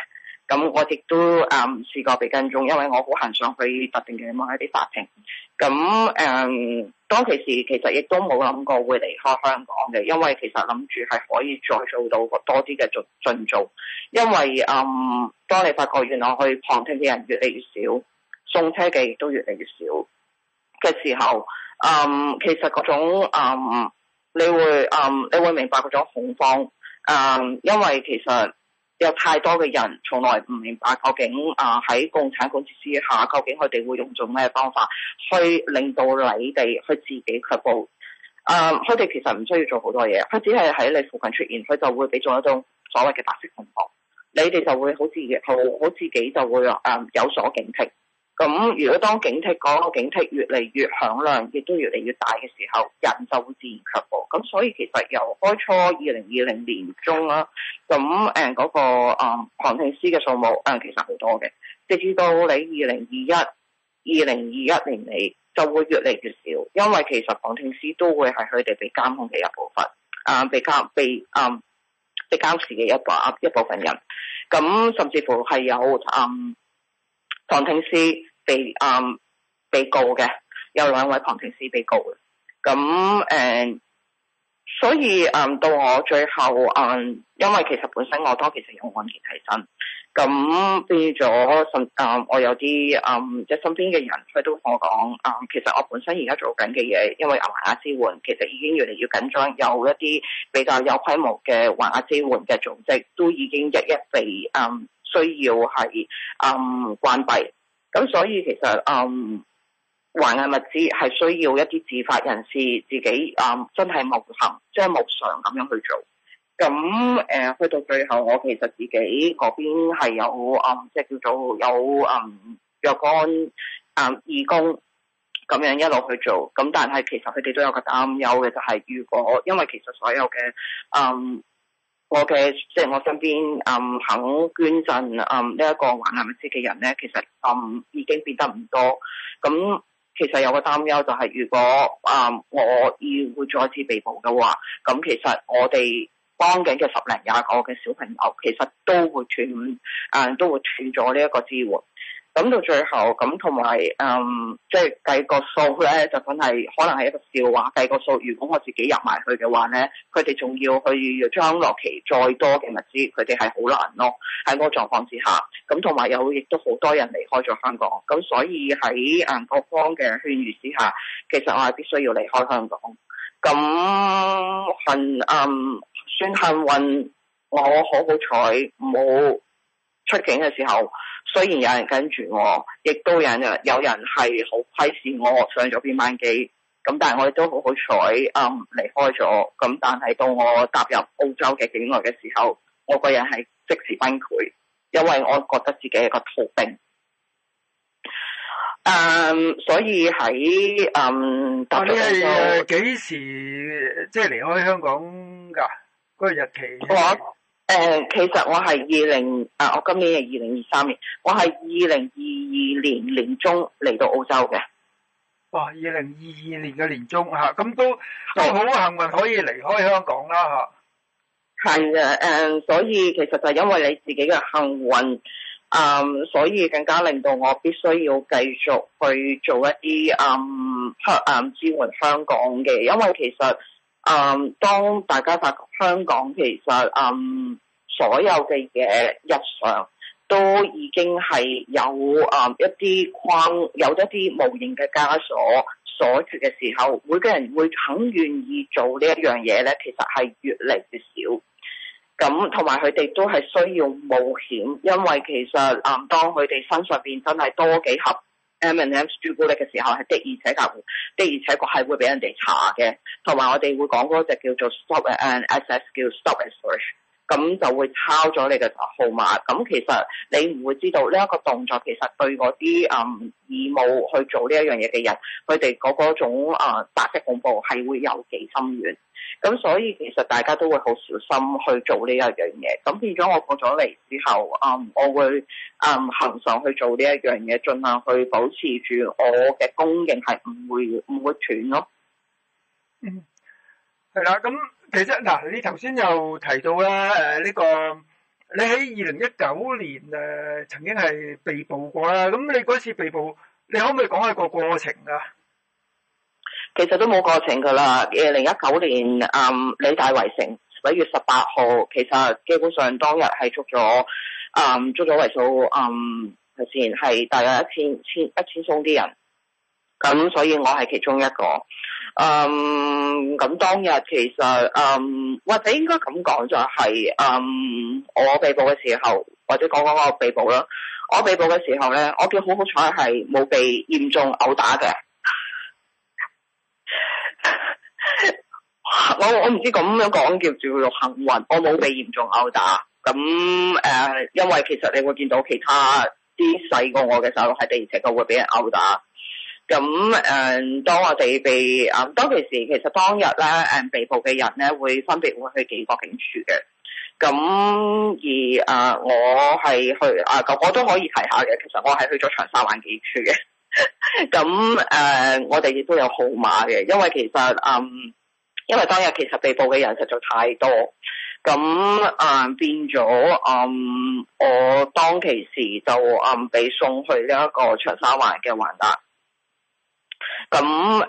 咁、嗯、我亦都啊唔、嗯、試過被跟蹤，因為我好行上去特定嘅某一啲法庭。咁、嗯、誒，當其時其實亦都冇諗過會離開香港嘅，因為其實諗住係可以再做到多啲嘅進進步。因為嗯，當你發覺原來去旁聽嘅人越嚟越少，送車嘅亦都越嚟越少嘅時候，嗯，其實嗰種嗯，你會嗯，你會明白嗰種恐慌啊、嗯，因為其實。有太多嘅人，從來唔明白究竟啊喺、呃、共產主義之下，究竟佢哋會用做咩方法，去令到你哋去自己卻步？啊、呃，佢哋其實唔需要做好多嘢，佢只係喺你附近出現，佢就會俾咗一種所謂嘅白色恐怖，你哋就會好似亦好，我自己就會啊、呃、有所警惕。咁如果當警惕嗰個警惕越嚟越響亮，亦都越嚟越大嘅時候，人就會自然卻步。咁所以其實由開初二零二零年中啦、啊，咁誒嗰個誒旁、嗯、聽師嘅數目誒、嗯、其實好多嘅，直至到你二零二一、二零二一年尾就會越嚟越少，因為其實旁聽師都會係佢哋被監控嘅一部分，誒、啊、被監被誒、嗯、被監視嘅一 p 一部分人，咁甚至乎係有誒。嗯旁聽師被嗯被告嘅，有兩位旁聽師被告嘅。咁、嗯、誒、嗯，所以誒、嗯、到我最後誒、嗯，因為其實本身我當其實有案件提身，咁、嗯、變咗，甚、嗯、誒我有啲誒、嗯、即係身邊嘅人佢都同我講，誒、嗯、其實我本身而家做緊嘅嘢，因為還押支援其實已經越嚟越緊張，有一啲比較有規模嘅還押支援嘅組織都已經一一被誒。嗯需要係嗯關閉，咁所以其實嗯還係物資係需要一啲自發人士自己啊真係無恆將無常咁樣去做，咁誒去到最後，我其實自己嗰邊係有啊、嗯，即係叫做有啊若、嗯、干啊、嗯、義工咁樣一路去做，咁但係其實佢哋都有個擔憂嘅，就係如果因為其實所有嘅嗯。我嘅即係我身邊，嗯，肯捐贈，嗯，這個、環南呢一個環亞基嘅人咧，其實，嗯，已經變得唔多。咁、嗯、其實有個擔憂就係，如果，嗯，我要會再次被捕嘅話，咁、嗯、其實我哋幫緊嘅十零廿個嘅小朋友，其實都會斷，嗯，都會斷咗呢一個支援。咁到最後，咁同埋，嗯，即係計個數咧，就真係可能係一個笑話。計個數，如果我自己入埋去嘅話咧，佢哋仲要去將落期再多嘅物資，佢哋係好難咯。喺嗰個狀況之下，咁同埋有亦都好多人離開咗香港。咁所以喺啊各方嘅勸喻之下，其實我係必須要離開香港。咁幸，嗯，算幸運，我好好彩，冇出境嘅時候。雖然有人跟住我，亦都有人有人係好批示我上咗邊班機咁，但係我亦都好好彩，嗯，離開咗。咁但係到我踏入澳洲嘅境內嘅時候，我個人係即時崩潰，因為我覺得自己係個逃兵。誒、um，所以喺誒，你係幾時即係離開香港噶？嗰、那個日期？誒，其實我係二零，啊，我今年係二零二三年，我係二零二二年年中嚟到澳洲嘅。哇，二零二二年嘅年中吓，咁都都好幸運可以離開香港啦吓。係啊，誒、嗯，所以其實就係因為你自己嘅幸運，嗯，所以更加令到我必須要繼續去做一啲嗯香嗯支援香港嘅，因為其實。嗯，當大家發覺香港其實嗯所有嘅嘢日常都已經係有嗯一啲框，有一啲無形嘅枷鎖鎖住嘅時候，每個人會肯願意做呢一樣嘢咧，其實係越嚟越少。咁同埋佢哋都係需要冒險，因為其實嗯當佢哋身上邊真係多幾盒。M & M 朱古力嘅時候係的而且確，的而且確係會俾人哋查嘅。同埋我哋會講嗰隻叫做 Stop and SS 叫 Stop and Search，咁就會抄咗你嘅號碼。咁其實你唔會知道呢一個動作其實對嗰啲嗯義務去做呢一樣嘢嘅人，佢哋嗰種啊、呃、白色恐怖係會有幾深遠。咁所以其實大家都會好小心去做呢一樣嘢，咁變咗我過咗嚟之後，嗯，我會嗯行上去做呢一樣嘢，盡量去保持住我嘅供應係唔會唔會斷咯。嗯，係啦，咁其實嗱，你頭先又提到啦，誒、呃、呢、這個你喺二零一九年誒、呃、曾經係被捕過啦，咁你嗰次被捕，你可唔可以講下個過程啊？其實都冇過程噶啦，二零一九年嗯，理大圍城十一月十八號，其實基本上當日係捉咗，啊、嗯、捉咗為數嗯頭先係大約一千千一千鬆啲人，咁所以我係其中一個，嗯咁當日其實嗯或者應該咁講就係、是、嗯我被捕嘅時候，或者講講我被捕啦，我被捕嘅時候咧，我叫好好彩係冇被嚴重毆打嘅。我我唔知咁樣講叫唔叫幸運，我冇被嚴重毆打。咁誒、呃，因為其實你會見到其他啲細過我嘅細路喺地底嘅會俾人毆打。咁誒、嗯，當我哋被誒，當其時其實當日咧誒被捕嘅人咧會分別會去幾個警署嘅。咁而誒、呃，我係去啊，我我都可以提下嘅。其實我係去咗長沙灣警署嘅。咁 (laughs) 誒、嗯，我哋亦都有號碼嘅，因為其實嗯，因為當日其實被捕嘅人實在太多，咁、嗯、啊，變咗嗯，我當其時就嗯被送去呢一個長沙灣嘅橫達，咁嗯，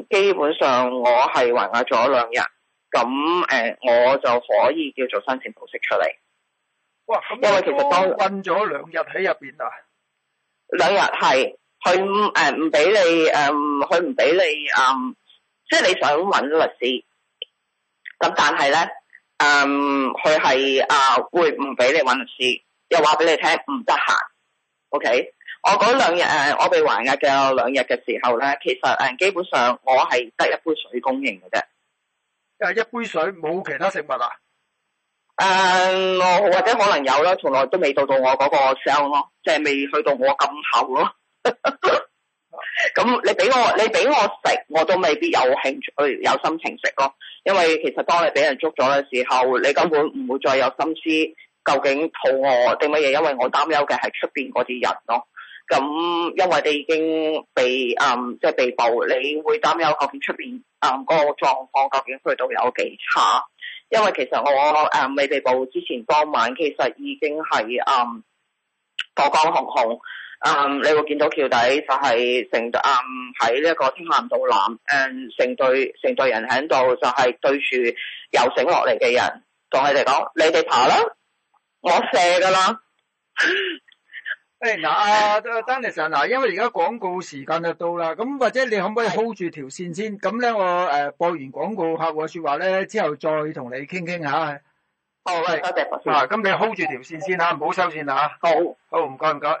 嗯基本上我係還押咗兩日，咁、嗯、誒、嗯、我就可以叫做申請保釋出嚟，哇嗯、因為其實當都困咗兩日喺入邊啊，兩日係。佢誒唔俾你誒，佢唔俾你誒，即係你想揾律師，咁但係咧，嗯，佢係啊會唔俾你揾律師，又話俾你聽唔得閒。OK，我嗰兩日誒，我被還押嘅兩日嘅時候咧，其實誒，基本上我係得一杯水供應嘅啫。啊，一杯水冇其他食物啊？誒，我或者可能有啦，從來都未到到我嗰個 sell 咯，即係未去到我咁厚咯。咁 (laughs) 你俾我，你俾我食，我都未必有興趣、有心情食咯。因為其實當你俾人捉咗嘅時候，你根本唔會再有心思究竟肚餓定乜嘢。因為我擔憂嘅係出邊嗰啲人咯。咁因為你已經被嗯即係、就是、被捕，你會擔憂究竟出邊嗯個狀況究竟去到有幾差？因為其實我誒未、嗯、被捕之前當晚，其實已經係嗯火光熊熊。嗯，um, 你會見到橋底就係成，嗯喺呢一個漆咸道南，嗯、um, 成對成對人喺度，就係對住游繩落嚟嘅人，同佢哋講：你哋爬啦，我射噶啦。誒、hey，嗱 Daniel Sir，嗱，因為而家廣告時間就到啦，咁或者你可唔可以 hold 住條線先？咁咧，我誒播完廣告客戶說話咧之後再談談，再同你傾傾吓。哦，喂，多謝。嗱、啊，咁你 hold 住條線先吓，唔好收線啦吓。好，好，唔該，唔該。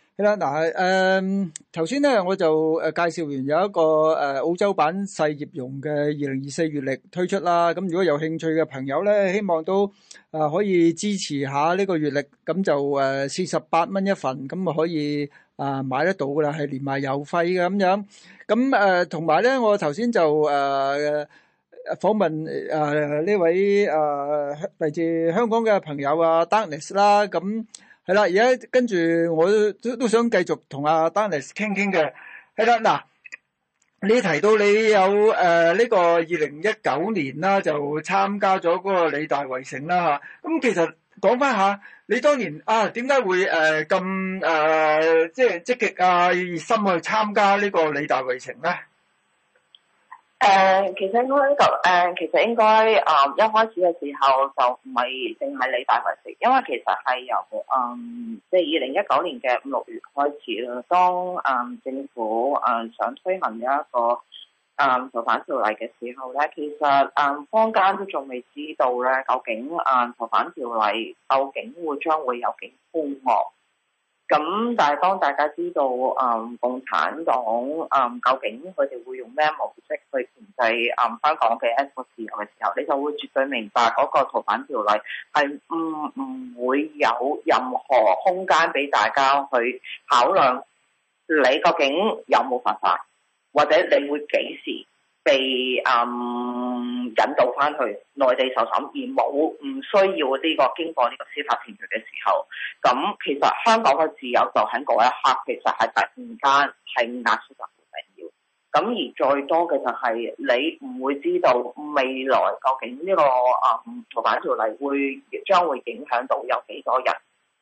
係啦，嗱，誒、嗯，頭先咧我就誒介紹完有一個誒、呃、澳洲版細葉榕嘅二零二四月曆推出啦。咁、嗯、如果有興趣嘅朋友咧，希望都誒、呃、可以支持下呢個月曆。咁、嗯、就誒四十八蚊一份，咁、嗯、啊可以啊、呃、買得到噶、嗯嗯呃呃呃呃、啦，係連埋郵費嘅咁樣。咁誒同埋咧，我頭先就誒訪問誒呢位誒嚟自香港嘅朋友啊，Denis 啦，咁。係啦，而家跟住我都都想繼續同阿 Dennis 傾傾嘅。係啦，嗱，你提到你有誒呢、呃這個二零一九年啦，就參加咗嗰個理大圍城啦吓。咁、啊嗯、其實講翻下，你當年啊，點解會誒咁誒即係積極啊熱心去參加呢個理大圍城咧？誒，uh, 其實應該誒，uh, 其實應該啊，uh, 一開始嘅時候就唔係淨係你大為食，因為其實係由誒即係二零一九年嘅五六月開始啦。當誒、um, 政府誒、uh, 想推行一個誒逃、um, 犯條例嘅時候咧，其實誒、um, 坊間都仲未知道咧，究竟誒逃、uh, 犯條例究竟會將會有幾荒望。咁但係當大家知道嗯共產黨嗯究竟佢哋會用咩模式去鉗制，嗯香港嘅自由嘅時候，你就會絕對明白個逃犯條例係唔唔會有任何空間俾大家去考量你究竟有冇犯法，或者你會幾時。被嗯引渡翻去內地受審而冇唔需要呢個經過呢個司法程序嘅時候，咁其實香港嘅自由就喺嗰一刻，其實係突然間係壓縮得好緊要。咁而最多嘅就係你唔會知道未來究竟呢個啊逃犯條例會將會影響到有幾多人。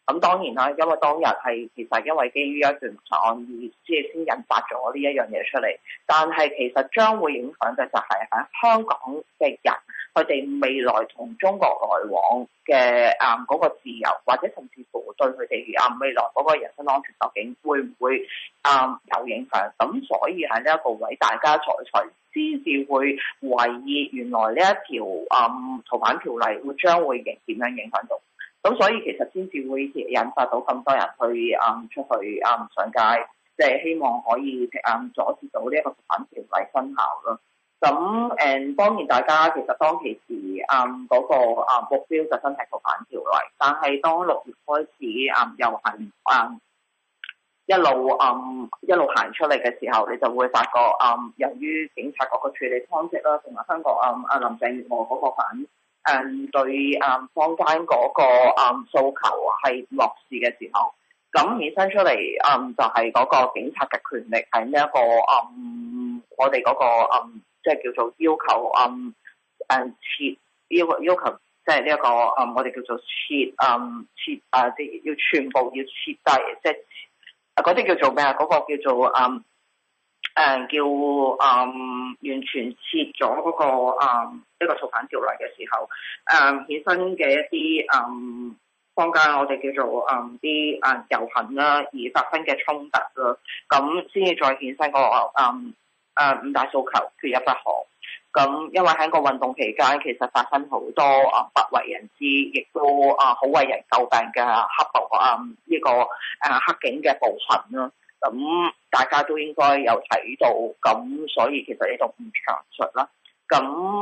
咁當然啦，因為當日係其實因為基於一段查案而即係先引發咗呢一樣嘢出嚟。但係其實將會影響嘅就係喺香港嘅人，佢哋未來同中國來往嘅啊嗰個自由，或者甚至乎對佢哋啊未來嗰個人身安全究竟會唔會啊、嗯、有影響？咁所以喺呢一個位，大家採取，先至會懷疑原來呢一條啊、嗯、逃犯條例會將會影點樣影響到。咁、嗯、所以其實先至會引發到咁多人去啊、嗯、出去啊、嗯、上街，即、就、係、是、希望可以啊、嗯、阻止到呢、嗯嗯那個、一個反條例生效咯。咁誒當然大家其實當其時啊嗰個啊目標就真係反條例，但係當六月開始啊、嗯、又行啊、嗯、一路啊、嗯、一路行出嚟嘅時候，你就會發覺啊由、嗯、於警察嗰個處理方式啦，同埋香港啊啊、嗯、林鄭月娥嗰個反。誒、嗯，對啊，坊間嗰個啊訴、嗯、求係漠視嘅時候，咁衍生出嚟，嗯，就係、是、嗰個警察嘅權力係呢一個啊、嗯，我哋嗰、那個啊，即、嗯、係、就是、叫做要求啊，誒、嗯，撤，要要求，即係呢一個啊，我哋叫做撤，嗯，撤啊，即、嗯、係、呃、要全部要撤低，即係嗰啲叫做咩啊，嗰、那個叫做啊。那個誒、呃、叫誒、呃、完全撤咗嗰、那個誒一、呃這個逃犯條例嘅時候，誒、呃、衍生嘅一啲誒、呃、坊間我哋叫做誒啲誒遊行啦、啊，而發生嘅衝突啦、啊，咁先至再衍生個誒誒、呃呃、五大訴求缺一不可。咁、呃、因為喺個運動期間，其實發生好多啊、呃、不為人知，亦都啊好、呃、為人詬病嘅黑暴啊呢、呃這個誒、呃、黑警嘅暴行啦。咁、嗯、大家都應該有睇到，咁、嗯、所以其實你就唔長述啦。咁、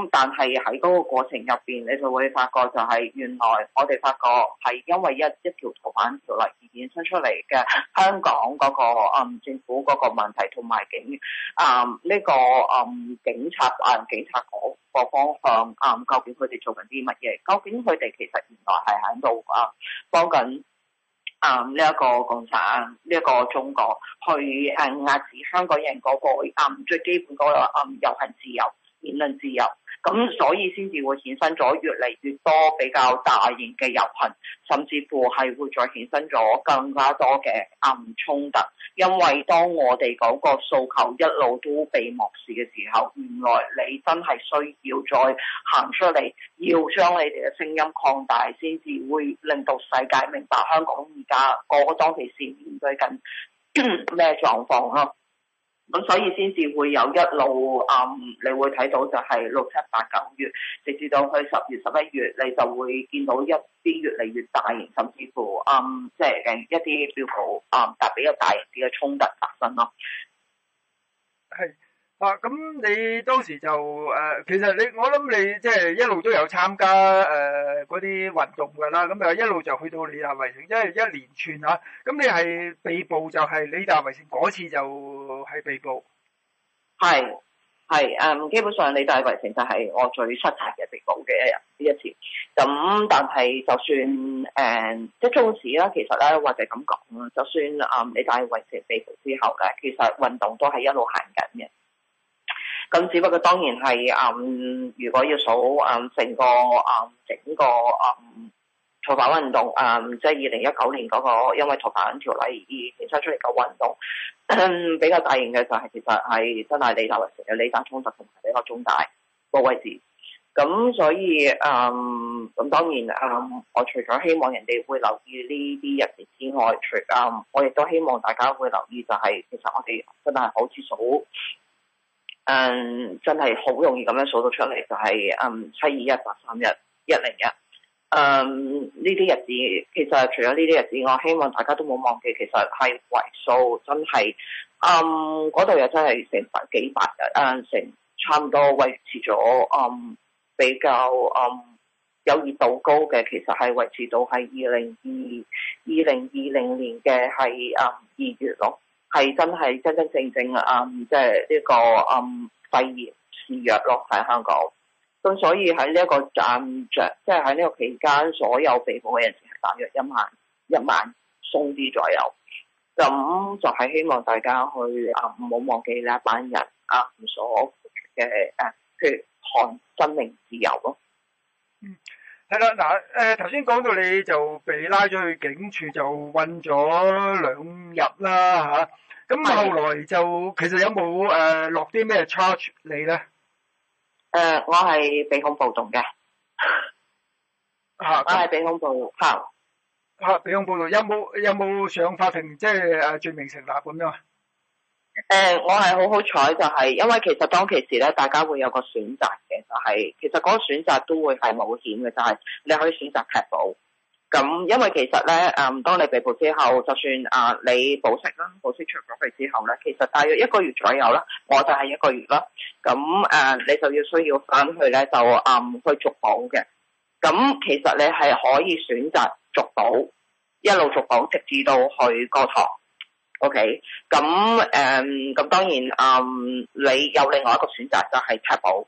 嗯、但係喺嗰個過程入邊，你就會發覺就係原來我哋發覺係因為一一條逃犯條例而衍生出嚟嘅香港嗰、那個、嗯、政府嗰個問題，同埋警啊呢、嗯這個嗯警察啊警察嗰個方向啊、嗯，究竟佢哋做緊啲乜嘢？究竟佢哋其實原來係喺度啊幫緊？啊！呢一、um, 個共產，呢、這、一個中國，去誒壓制香港人嗰、那個啊、um, 最基本嗰個啊遊行自由、言論自由。咁所以先至會衍生咗越嚟越多比較大型嘅遊行，甚至乎係會再衍生咗更加多嘅暗衝突。因為當我哋嗰個訴求一路都被漠視嘅時候，原來你真係需要再行出嚟，要將你哋嘅聲音擴大，先至會令到世界明白香港而家、嗰個當其時面對緊咩狀況啊！ (coughs) 咁所以先至會有一路啊，um, 你會睇到就係六七八九月，直至到去十月十一月，你就會見到一啲越嚟越大型，甚至乎啊，即、um, 係一啲標普啊，比較大型啲嘅衝突，突發生咯。係。啊，咁你當時就誒、呃，其實你我諗你即係一路都有參加誒嗰啲運動噶啦，咁啊一路就去到理大圍城，即、就、係、是、一連串吓、啊。咁你係被捕就係理大圍城嗰次就係被捕，係係，嗯，基本上理大圍城就係我最失察嘅被捕嘅一日呢一次。咁但係就算誒、呃、即係終始啦，其實咧或者咁講啊，就算啊、嗯、理大圍城被捕之後咧，其實運動都係一路行緊嘅。咁只不過當然係，嗯，如果要數，嗯，成個，嗯，整個，嗯，逃犯運動，嗯，即係二零一九年嗰、那個因為逃犯條例而衍生出嚟嘅運動， (coughs) 比較大型嘅就係、是、其實係真係理大圍城嘅理大衝突，同埋比較中大個位置。咁所以，嗯，咁當然，嗯，我除咗希望人哋會留意呢啲入面之外，除，嗯，我亦都希望大家會留意就係、是、其實我哋真係好似數。嗯，um, 真係好容易咁樣數到出嚟，就係嗯七二一八三一一零一。嗯、um，呢、um, 啲日子其實除咗呢啲日子，我希望大家都冇忘記，其實係為數真係嗯嗰度又真係成百幾百日，嗯成差唔多維持咗嗯、um, 比較嗯、um, 有熱度高嘅，其實係維持到係二零二二零二零年嘅係嗯二月六。係真係真真正正啊！即係呢個啊、嗯、肺炎肆虐落喺香港。咁所以喺呢一個增長，即係喺呢個期間，所有被捕嘅人士大約一萬一萬鬆啲左右。咁就係希望大家去、嗯、啊，唔好忘記呢一班人啊，所嘅誒血汗、生命、自由咯。係啦，嗱、呃，誒，頭先講到你就被拉咗去警署，就運困咗兩日啦，吓、啊，咁後來就其實有冇誒落啲咩 charge 你咧？誒、呃，我係俾控暴動嘅，吓、啊，我係俾控暴，吓、啊，吓，俾控暴動，有冇有冇上法庭，即係誒、啊、罪名成立咁樣？誒，uh, 我係好好彩就係、是，因為其實當其時咧，大家會有個選擇嘅，就係、是、其實嗰個選擇都會係冒險嘅，就係、是、你可以選擇踢保。咁、嗯、因為其實咧，誒、嗯，當你被捕之後，就算啊，你保釋啦，保釋出咗嚟之後咧，其實大約一個月左右啦，我就係一個月啦。咁、嗯、誒，你就要需要翻去咧，就誒、嗯、去續保嘅。咁、嗯、其實你係可以選擇續保，一路續保直至到去個堂。OK，咁、嗯、誒，咁、嗯嗯、當然，嗯，你有另外一個選擇就係踢保，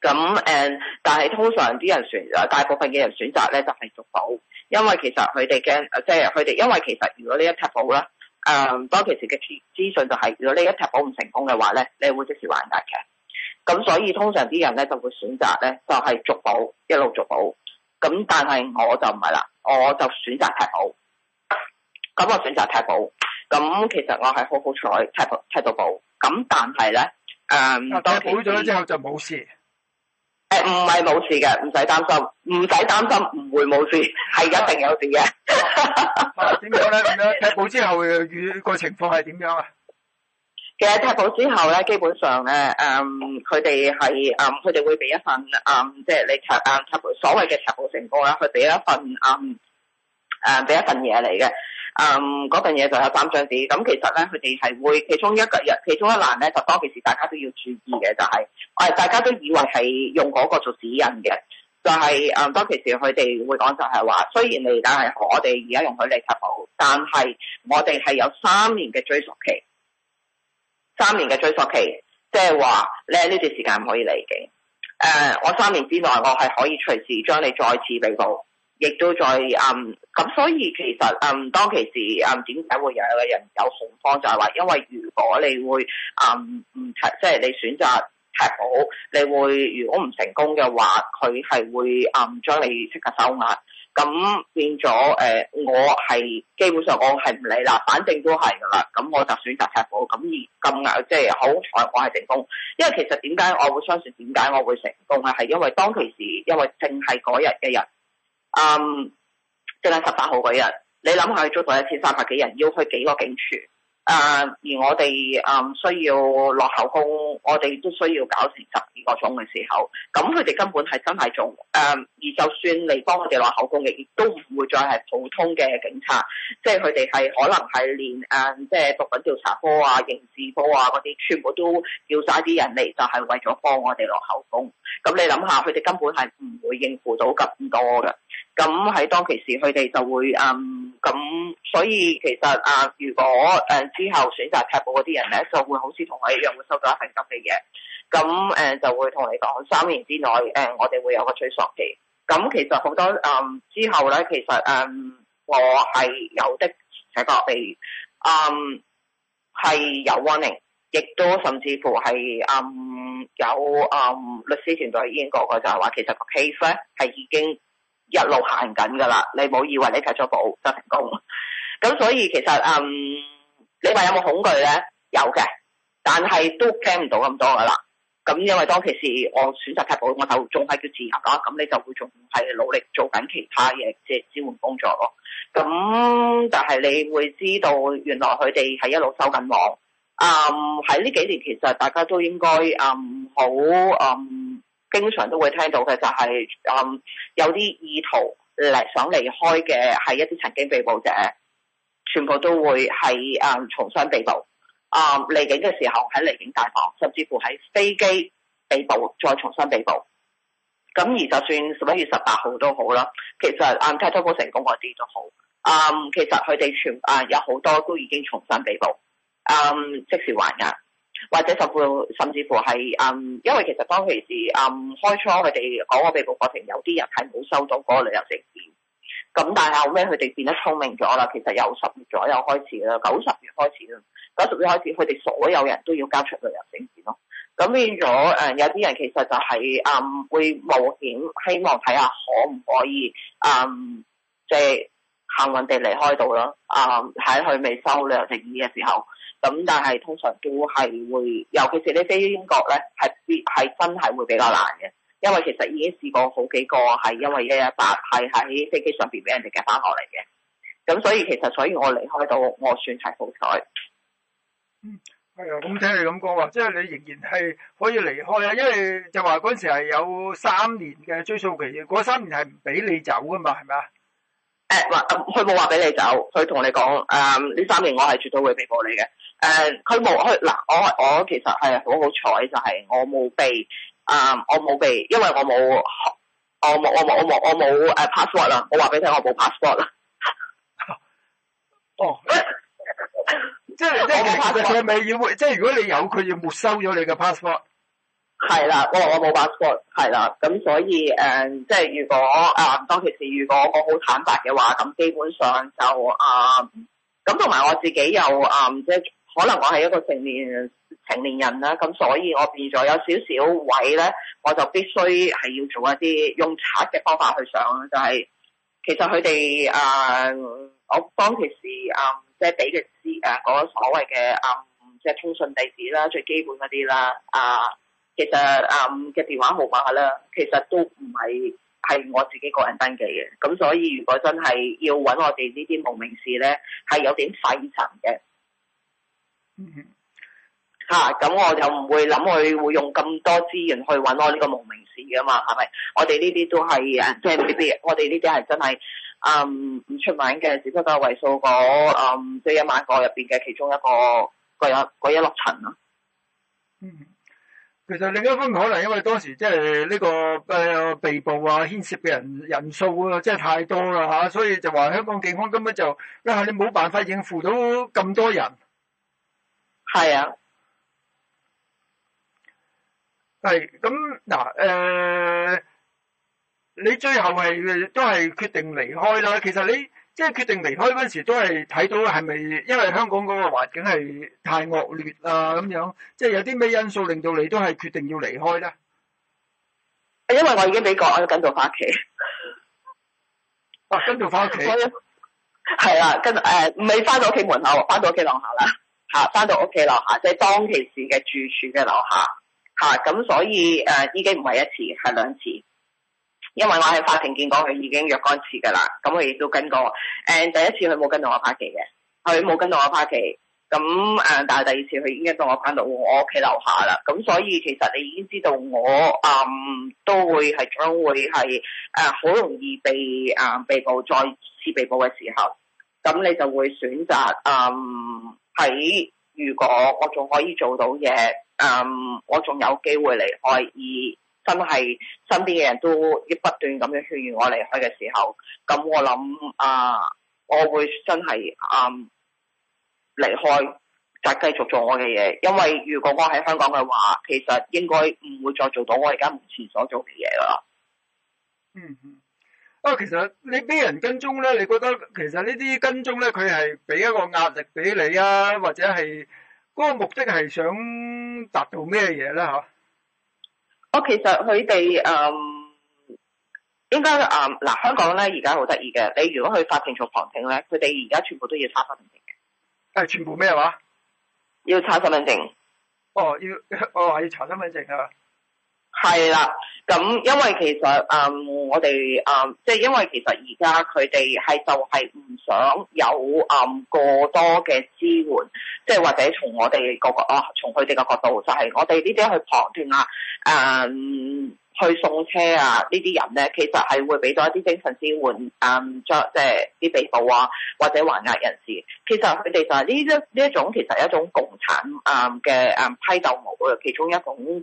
咁、嗯、誒、嗯，但係通常啲人選，大部分嘅人選擇咧就係續保，因為其實佢哋驚，即係佢哋，因為其實如果呢一踢保啦，誒、嗯，當其時嘅資資訊就係，如果呢一踢保唔成功嘅話咧，你會即時還柙嘅，咁、嗯、所以通常啲人咧就會選擇咧就係續保，一路續保，咁、嗯、但係我就唔係啦，我就選擇踢保，咁、嗯、我選擇踢保。咁其實我係好好彩，踢到踢到保，咁但係咧，誒、嗯，當佢保咗之後就冇事，誒唔係冇事嘅，唔使擔心，唔使擔心，唔會冇事，係、啊、一定有事嘅。點解咧？而家踢保之後嘅個情況係點樣啊？其實踢保之後咧，基本上咧，誒、嗯，佢哋係，誒、嗯，佢哋會俾一份，誒、嗯，即係你踢，誒、嗯，踢所謂嘅踢保成功啦，佢俾一份，誒、嗯。誒，俾、啊、一份嘢嚟嘅，嗯，嗰份嘢就有三張紙。咁、嗯、其實咧，佢哋係會其中一個其中一欄咧，就當其時大家都要注意嘅，就係、是、誒、啊，大家都以為係用嗰個做指引嘅，就係、是、誒、嗯，當其時佢哋會講就係話，雖然你而家係我哋而家用佢嚟投保，但係我哋係有三年嘅追索期，三年嘅追索期，即係話你呢段時間唔可以嚟嘅。誒、呃，我三年之內我係可以隨時將你再次俾保。亦都在嗯，咁所以其實嗯當其時嗯點解會有一個人有恐慌，慌，就係話因為如果你會嗯唔即係你選擇踢保，你會如果唔成功嘅話，佢係會嗯將你即刻收押，咁變咗誒、呃、我係基本上我係唔理啦，反正都係噶啦，咁我就選擇踢保，咁而咁啱，即係好彩我係成功，因為其實點解我會相信點解我會成功啊？係因為當其時因為淨係嗰日嘅人。嗯，即係十八號嗰日，你諗下，要捉到一千三百幾人，要去幾個警署？啊、呃！而我哋嗯、呃、需要落口供，我哋都需要搞成十二個鐘嘅時候，咁佢哋根本係真係做誒、呃，而就算你幫我哋落口供，嘅，亦都唔會再係普通嘅警察，即係佢哋係可能係連誒、呃、即係毒品調查科啊、刑事科啊嗰啲，全部都叫晒啲人嚟，就係為咗幫我哋落口供。咁你諗下，佢哋根本係唔會應付到咁多㗎。咁喺、嗯、當其時，佢哋就會嗯咁、嗯，所以其實啊、嗯，如果誒、嗯、之後選擇踢保嗰啲人咧，就會好似同我一樣會收到一份咁嘅嘢、嗯。咁、嗯、誒就會同你講，三年之內誒、嗯、我哋會有個追索期。咁其實好多嗯之後咧，其實嗯，其實嗯我係有的確確，而且譬如嗯係有 warning，亦都甚至乎係嗯有嗯律師團隊已經講過就係話，其實個 case 係已經。一路行緊噶啦，你唔好以為你踢咗保就成功。咁 (laughs) 所以其實嗯，你話有冇恐懼咧？有嘅，但係都驚唔到咁多噶啦。咁因為當其時我選擇踢保，我就仲係叫自由咯。咁你就會仲係努力做緊其他嘢嘅支援工作咯。咁但係你會知道，原來佢哋係一路收緊網。嗯，喺呢幾年其實大家都應該唔好嗯。好嗯經常都會聽到嘅就係、是，嗯，有啲意圖嚟想離開嘅係一啲曾經被捕者，全部都會係啊、嗯、重新被捕。啊、嗯、離境嘅時候喺離境大堂，甚至乎喺飛機被捕再重新被捕。咁而就算十一月十八號都好啦，其實啊、嗯，泰坦波成功嗰啲都好。啊、嗯，其實佢哋全啊、嗯、有好多都已經重新被捕。啊、嗯，即時還押。或者甚至乎係，嗯，因為其實當其時，嗯，開初佢哋講我哋個被告過程有啲人係冇收到嗰個旅遊證件，咁但係後尾，佢哋變得聰明咗啦。其實由十月左右開始啦，九十月開始啦，九十月開始，佢哋所有人都要交出旅遊證件咯。咁變咗誒、嗯，有啲人其實就係、是、嗯，會冒險，希望睇下可唔可以嗯，即係幸運地離開到啦。啊，喺佢未收旅遊證件嘅時候。咁但係通常都係會，尤其是你飛英國咧，係必係真係會比較難嘅，因為其實已經試過好幾個係因為一一八係喺飛機上邊俾人哋夾翻落嚟嘅，咁所以其實所以我離開到我算係好彩。嗯，係啊，咁聽你咁講啊，即係你仍然係可以離開啊，因為就話嗰時係有三年嘅追訴期，嗰三年係唔俾你走噶嘛，係咪啊？誒、欸，佢冇話俾你走，佢同你講誒，呢三年我係絕對會俾過你嘅。誒，佢冇去嗱，我我其實係好好彩，就係、是、我冇被啊、嗯，我冇被，因為我冇我冇我冇我冇我冇誒 passport 啦，我話俾你聽，我冇 passport 啦。 (laughs) 哦， (laughs) (laughs) 即係即係我怕佢再未要，即係如果你有，佢要沒收咗你嘅 passport。係啦，我話我冇 passport，係啦，咁所以誒，即係如果啊，當其時如果我好坦白嘅話，咁基本上就啊，咁同埋我自己又，啊、嗯，即係。可能我係一個成年人，成年人啦，咁所以我變咗有少少位咧，我就必須係要做一啲用賊嘅方法去上就係、是、其實佢哋誒，我當其時誒、呃，即係俾佢知誒，嗰所謂嘅誒，即係、呃、通信地址啦，最基本嗰啲啦，啊、呃，其實誒嘅、呃、電話號碼啦，其實都唔係係我自己個人登記嘅。咁所以如果真係要搵我哋呢啲無名氏咧，係有點費神嘅。吓咁、嗯啊、我就唔會諗佢會用咁多資源去揾我呢個無名氏噶嘛，係咪？我哋呢啲都係誒，即係未必。我哋呢啲係真係嗯唔出名嘅，只不過為數個嗯即係一萬個入邊嘅其中一個嗰一嗰一六層咯。嗯，其實另一方面可能因為當時即係呢個誒被捕啊牽涉嘅人人數啊，即、就、係、是、太多啦吓、啊，所以就話香港警方根本就因為、啊、你冇辦法應付到咁多人。係啊，係咁嗱，誒、呃，你最後係都係決定離開啦。其實你即係、就是、決定離開嗰時，都係睇到係咪因為香港嗰個環境係太惡劣啊咁樣，即係有啲咩因素令到你都係決定要離開咧？因為我已經俾講，我跟到翻屋企。啊，跟住翻屋企，係啊，跟誒，你翻到屋企門口，翻到屋企樓下啦。吓，翻到屋企樓下，即、就、係、是、當其時嘅住處嘅樓下，吓、啊、咁，所以誒，已經唔係一次，係兩次，因為我喺法庭見過佢已經約過一次噶啦，咁佢亦都跟過。誒，第一次佢冇跟到我拍期嘅，佢冇跟到我拍期。咁誒、呃，但係第二次佢已經跟到我翻到我屋企樓下啦。咁所以其實你已經知道我嗯、呃、都會係將會係誒好容易被啊、呃、被捕，再次被捕嘅時候，咁你就會選擇嗯。呃喺如果我仲可以做到嘢，嗯，我仲有機會離開，而真係身邊嘅人都要不斷咁樣勸我離開嘅時候，咁我諗啊、呃，我會真係嗯離開，再繼續做我嘅嘢，因為如果我喺香港嘅話，其實應該唔會再做到我而家目前所做嘅嘢啦。嗯嗯。啊、哦，其實你俾人跟蹤咧，你覺得其實呢啲跟蹤咧，佢係俾一個壓力俾你啊，或者係嗰個目的係想達到咩嘢咧？嚇、哦！我其實佢哋嗯應該啊嗱、嗯，香港咧而家好得意嘅，你如果去法庭做旁聽咧，佢哋而家全部都要查身份證嘅。誒、哎，全部咩話？要查身份證。哦，要，哦要查身份證啊！係啦，咁、嗯、因為其實誒、嗯，我哋誒，即、嗯、係因為其實而家佢哋係就係唔想有誒、嗯、過多嘅支援，即係或者從我哋、嗰個角、哦，從佢哋嘅角度，就係、是、我哋呢啲去旁斷啊，誒、嗯。去送車啊！呢啲人咧，其實係會俾到一啲精神支援，嗯，即係啲被捕啊或者還押人士。其實佢哋就係呢一呢一種，種其實係一種共產啊嘅啊批鬥模，其中一種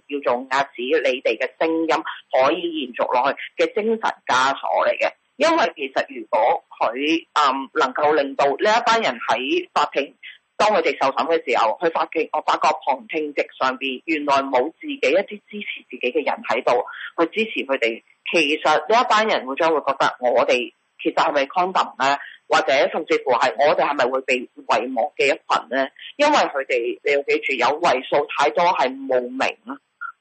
叫做壓止你哋嘅聲音可以延續落去嘅精神枷鎖嚟嘅。因為其實如果佢嗯能夠令到呢一班人喺法庭，當佢哋受審嘅時候，佢發覺我發覺旁聽席上邊原來冇自己一啲支持自己嘅人喺度去支持佢哋。其實呢一班人會將會覺得我哋其實係咪 condemn 咧，或者甚至乎係我哋係咪會被遺忘嘅一羣咧？因為佢哋，你要記住，有位數太多係無名啊。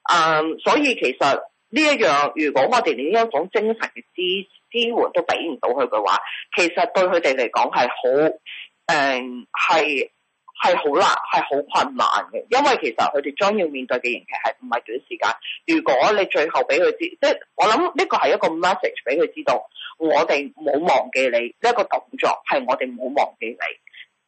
嗯、um,，所以其實呢一樣，如果我哋連呢一種精神嘅支支援都俾唔到佢嘅話，其實對佢哋嚟講係好誒係。Um, 係好難，係好困難嘅，因為其實佢哋將要面對嘅刑期係唔係短時間。如果你最後俾佢知，即係我諗呢個係一個 message 俾佢知道，我哋冇忘記你呢一個動作，係我哋冇忘記你。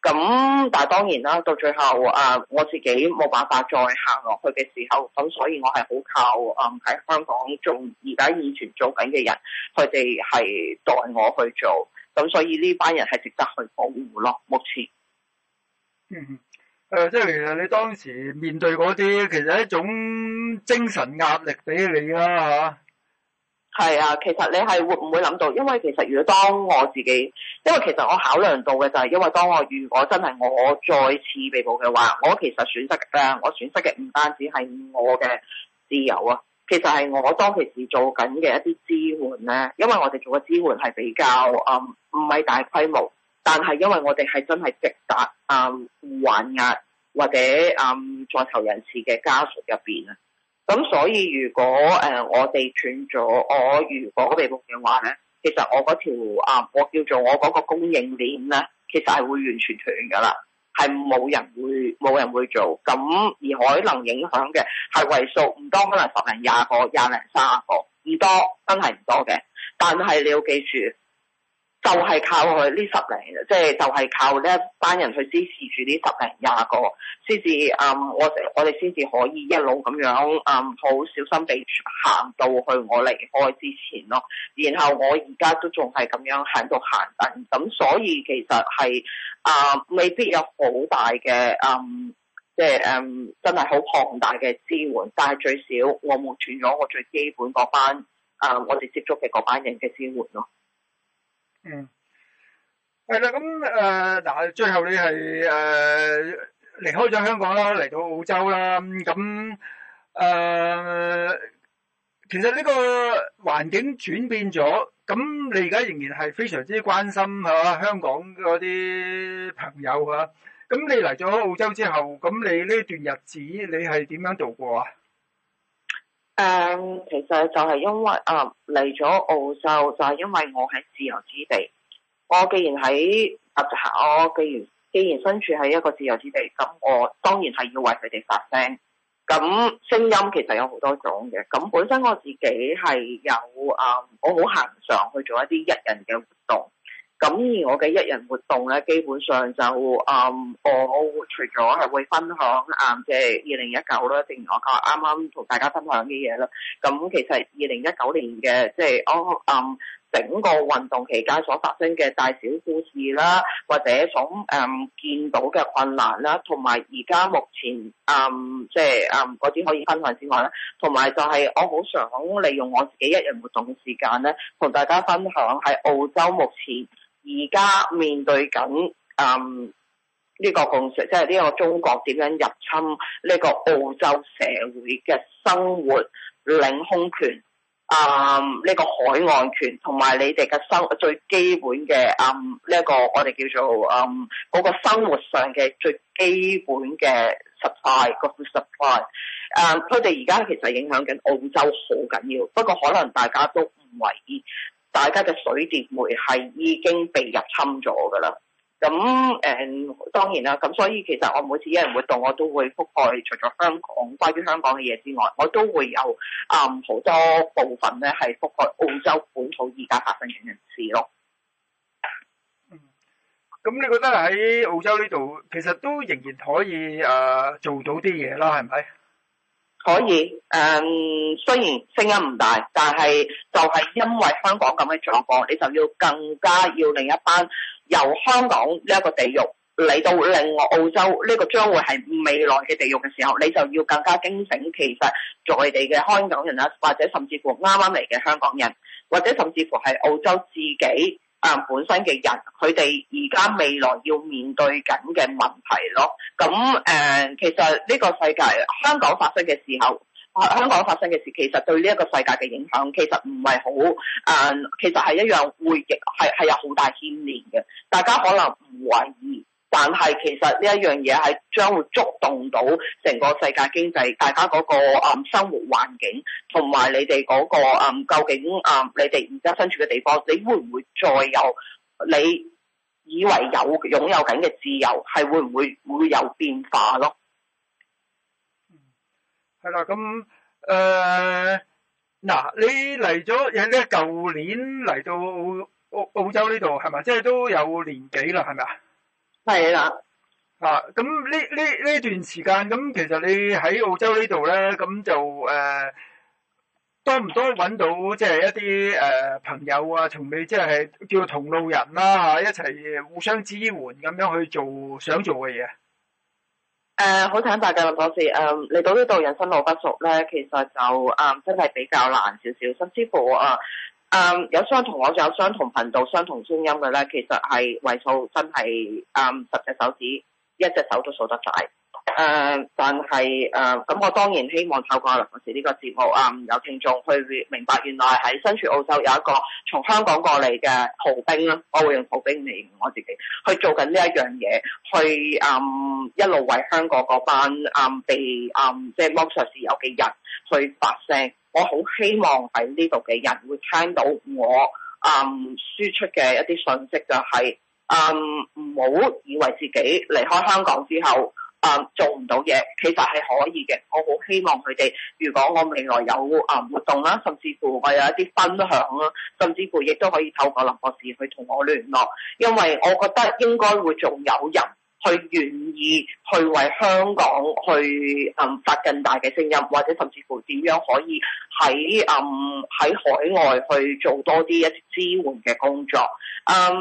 咁但係當然啦，到最後啊，我自己冇辦法再行落去嘅時候，咁所以我係好靠，嗯喺香港做而家以前做緊嘅人，佢哋係代我去做。咁所以呢班人係值得去保護咯。目前。嗯，誒、呃，即係其實你當時面對嗰啲，其實一種精神壓力俾你啊。吓。係啊，其實你係會唔會諗到？因為其實如果當我自己，因為其實我考量到嘅就係，因為當我如果真係我再次被捕嘅話，我其實損失誒，我損失嘅唔單止係我嘅自由啊，其實係我當其時做緊嘅一啲支援咧，因為我哋做嘅支援係比較誒，唔係大規模。但係因為我哋係真係直達啊，還、嗯、押或者啊在囚人士嘅家屬入邊啊，咁所以如果誒、呃、我哋斷咗我如果嗰條嘅話咧，其實我嗰條啊我叫做我嗰個供應鏈咧，其實係會完全斷噶啦，係冇人會冇人會做，咁而可能影響嘅係為數唔多，可能十零廿個、廿零三十個，唔多真係唔多嘅，但係你要記住。就係靠佢呢十零，即係就係、是、靠呢一班人去支持住呢十零廿個，先至啊，我我哋先至可以一路咁樣啊，好、嗯、小心地行到去我離開之前咯。然後我而家都仲係咁樣喺度行緊，咁所以其實係啊、嗯，未必有好大嘅啊、嗯，即係嗯，真係好龐大嘅支援，但係最少我冇斷咗我最基本嗰班啊、嗯，我哋接觸嘅嗰班人嘅支援咯。嗯，係啦，咁誒，嗱、呃，最後你係誒離開咗香港啦，嚟到澳洲啦，咁誒、呃，其實呢個環境轉變咗，咁你而家仍然係非常之關心吓、啊、香港嗰啲朋友吓、啊，咁你嚟咗澳洲之後，咁你呢段日子你係點樣度過啊？誒，um, 其實就係因為啊，嚟咗澳洲，就係、是、因為我喺自由之地。我既然喺，我、啊啊、既然既然身處喺一個自由之地，咁我當然係要為佢哋發聲。咁聲音其實有好多種嘅。咁本身我自己係有啊、um, 我好行常去做一啲一人嘅活動。咁而我嘅一人活動咧，基本上就誒，我除咗係會分享誒，即係二零一九啦，正如我啱啱同大家分享嘅嘢啦。咁其實二零一九年嘅即係我誒整個運動期間所發生嘅大小故事啦，或者所誒見到嘅困難啦，同埋而家目前誒即係誒只可以分享之外咧，同埋就係我好想利用我自己一人活動嘅時間咧，同大家分享喺澳洲目前，而家面對緊嗯呢個共識，即係呢個中國點樣入侵呢個澳洲社會嘅生活領空權啊，呢個海岸權，同埋你哋嘅生最基本嘅啊，呢個我哋叫做嗯嗰個生活上嘅最基本嘅 supply 個 supply 啊，佢哋而家其實影響緊澳洲好緊要，不過可能大家都唔為意。大家嘅水電煤係已經被入侵咗㗎啦，咁誒、嗯、當然啦，咁所以其實我每次一人活動，我都會覆蓋除咗香港關於香港嘅嘢之外，我都會有啊好、嗯、多部分咧係覆蓋澳洲本土而家發生嘅人事咯。嗯，咁你覺得喺澳洲呢度其實都仍然可以啊、呃、做到啲嘢啦，係咪？可以，誒、嗯，雖然聲音唔大，但係就係因為香港咁嘅狀況，你就要更加要另一班由香港呢一個地獄嚟到另外澳洲呢、這個將會係未來嘅地獄嘅時候，你就要更加驚醒其實在地嘅香港人啦，或者甚至乎啱啱嚟嘅香港人，或者甚至乎係澳洲自己。啊！本身嘅人，佢哋而家未來要面對緊嘅問題咯。咁、嗯、誒，其實呢個世界，香港發生嘅時候，香港發生嘅事，其實對呢一個世界嘅影響其、嗯，其實唔係好啊。其實係一樣會極係係有好大牽連嘅，大家可能唔為意。但係，其實呢一樣嘢係將會觸動到成個世界經濟，大家嗰個誒生活環境，同埋你哋嗰、那個誒究竟誒你哋而家身處嘅地方，你會唔會再有你以為有擁有緊嘅自由，係會唔會會有變化咯？係啦、嗯，咁誒，嗱、呃，你嚟咗嘢咧？舊年嚟到澳澳洲呢度係咪？即係都有年幾啦，係咪啊？係啦，啊咁呢呢呢段時間咁，其實你喺澳洲呢度咧，咁就誒、呃、多唔多搵到即係一啲誒、呃、朋友啊，從未即係叫同路人啦、啊、吓，一齊互相支援咁樣去做想做嘅嘢。誒、呃，好坦白嘅林博士，嚟、呃、到呢度人生路不熟咧，其實就誒、呃、真係比較難少少，甚至乎啊。誒，um, 有相同，我仲有相同頻道、相同聲音嘅咧。其實係為數真係，誒、um，十隻手指，一隻手都數得晒。誒、呃，但係誒，咁、呃、我當然希望透過林博士呢個節目啊、呃，有聽眾去明白，原來喺身處澳洲有一個從香港過嚟嘅逃兵啦，我會用逃兵嚟形容我自己，去做緊呢一樣嘢，去誒、呃、一路為香港嗰班誒、呃、被誒、呃、即係剝削自由嘅人去發聲。我好希望喺呢度嘅人會聽到我誒輸、呃、出嘅一啲信息，就是，就係誒唔好以為自己離開香港之後。.啊，um, 做唔到嘢，其實係可以嘅。我好希望佢哋，如果我未來有啊活動啦，甚至乎我有一啲分享啦，甚至乎亦都可以透過林博士去同我聯絡，因為我覺得應該會仲有人去願意去為香港去啊、um, 發更大嘅聲音，或者甚至乎點樣可以喺啊喺海外去做多啲一啲支援嘅工作。嗯、um,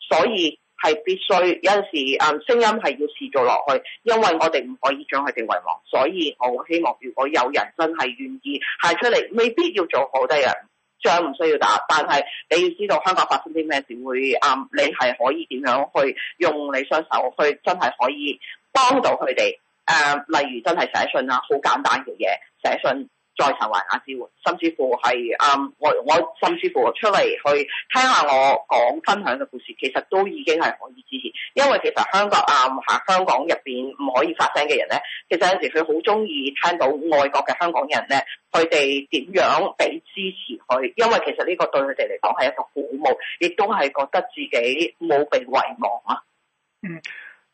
所以。係必須有陣時，誒、嗯、聲音係要持續落去，因為我哋唔可以將佢哋遺忘。所以我希望，如果有人真係願意行出嚟，未必要做好多人，針唔需要打，但係你要知道香港發生啲咩事會，誒、嗯、你係可以點樣去用你雙手去真係可以幫到佢哋。誒、嗯，例如真係寫信啦，好簡單嘅嘢，寫信。 (noise) 再尋環亞洲，甚至乎係啊、嗯，我我甚至乎出嚟去聽下我講分享嘅故事，其實都已經係可以支持。因為其實香港啊，嚇、嗯、香港入邊唔可以發聲嘅人咧，其實有時佢好中意聽到外國嘅香港人咧，佢哋點樣俾支持佢。因為其實呢個對佢哋嚟講係一個鼓舞，亦都係覺得自己冇被遺忘啊。嗯。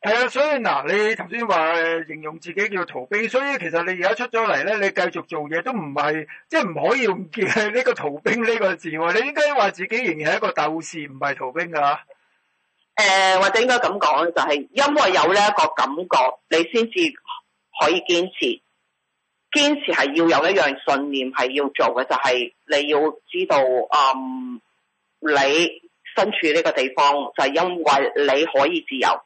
係啊，所以嗱，你頭先話形容自己叫逃兵，所以其實你而家出咗嚟咧，你繼續做嘢都唔係，即係唔可以用呢個逃兵呢個字。你應該話自己仍然係一個鬥士，唔係逃兵噶誒、啊呃，或者應該咁講，就係、是、因為有呢一個感覺，你先至可以堅持。堅持係要有一樣信念係要做嘅，就係、是、你要知道啊、嗯，你身處呢個地方就係、是、因為你可以自由。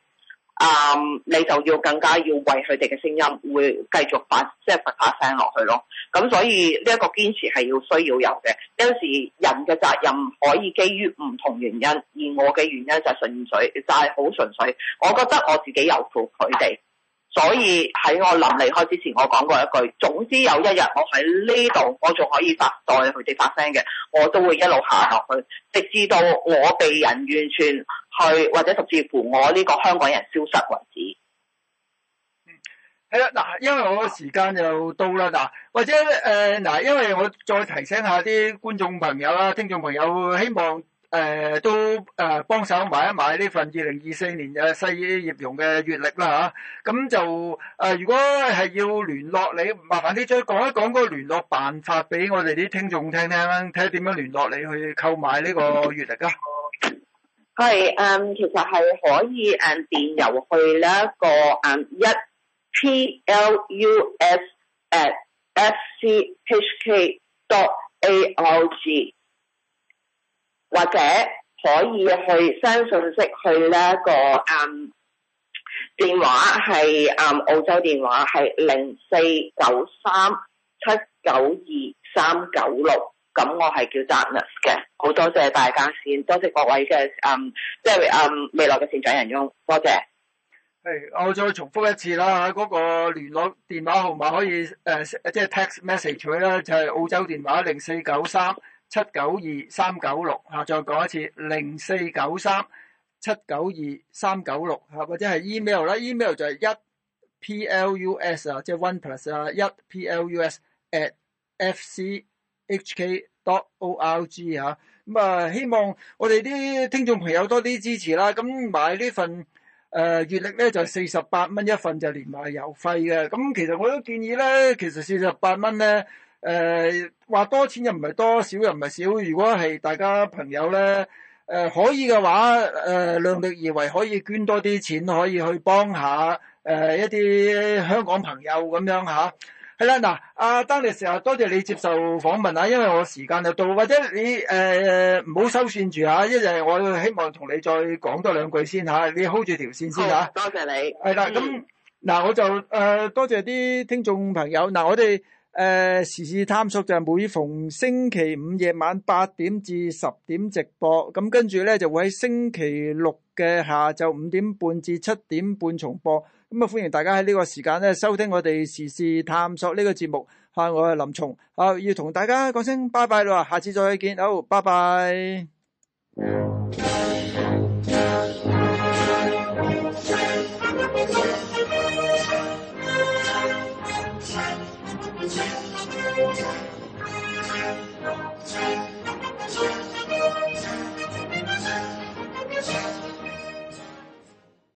嗯，um, 你就要更加要為佢哋嘅聲音，會繼續發，即係發把聲落去咯。咁所以呢一個堅持係要需要有嘅。有陣時人嘅責任可以基於唔同原因，而我嘅原因就係純粹，就係好純粹。我覺得我自己有負佢哋，所以喺我臨離開之前，我講過一句：總之有一日我喺呢度，我仲可以發代佢哋發聲嘅，我都會一路行落去，直至到我被人完全去或者甚至乎我呢個香港人消失為止。嗯，係啦嗱，因為我時間就到啦嗱，或者誒嗱、呃，因為我再提醒下啲觀眾朋友啦，聽眾朋友希望誒、呃、都誒幫手買一買呢份二零二四年誒細葉榕嘅月曆啦吓，咁、啊嗯、就誒、呃、如果係要聯絡你，麻煩啲再講一講嗰個聯絡辦法俾我哋啲聽眾聽聽啦，睇下點樣聯絡你去購買呢個月曆啊。 (laughs) 係，誒，其實係可以，誒電郵去呢一個，誒一 p l u s，誒，f c h k. dot a l g，或者可以去 send 信息去呢一個，誒電話係，誒澳洲電話係零四九三七九二三九六。咁我係叫 Zanus 嘅，好多謝大家先，多謝各位嘅誒，um, 即係誒、um, 未來嘅善長人翁，多謝。係，我再重複一次啦嚇，嗰、那個聯絡電話號碼可以誒，即、呃、係、就是、text message 啦，就係澳洲電話零四九三七九二三九六嚇，6, 再講一次零四九三七九二三九六嚇，6, 或者係 email 啦，email 就係一 plus 啊，即係 one plus 啊 pl，一 plus at fc。HK.ORG 吓，咁啊！希望我哋啲聽眾朋友多啲支持啦。咁、啊、買份、呃、呢份誒月曆咧就四十八蚊一份，就連埋郵費嘅。咁、啊、其實我都建議咧，其實四十八蚊咧誒話多錢又唔係多，少又唔係少。如果係大家朋友咧誒、呃、可以嘅話，誒、呃、量力而為，可以捐多啲錢，可以去幫下誒、呃、一啲香港朋友咁樣吓。啊係啦，嗱，阿、啊、Daniel 多謝你接受訪問啊，因為我時間又到，或者你誒唔好收線住吓，一陣我希望同你再講多兩句先吓、啊，你 hold 住條線先吓、啊。Oh, 多謝你。係啦，咁嗱、呃，我就誒、呃、多謝啲聽眾朋友嗱、呃，我哋。誒，時事探索就係每逢星期五夜晚八點至十點直播，咁跟住咧就會喺星期六嘅下晝五點半至七點半重播。咁啊歡迎大家喺呢個時間咧收聽我哋時事探索呢個節目。吓，我係林松，啊，要同大家講聲拜拜啦，下次再見，好，拜拜。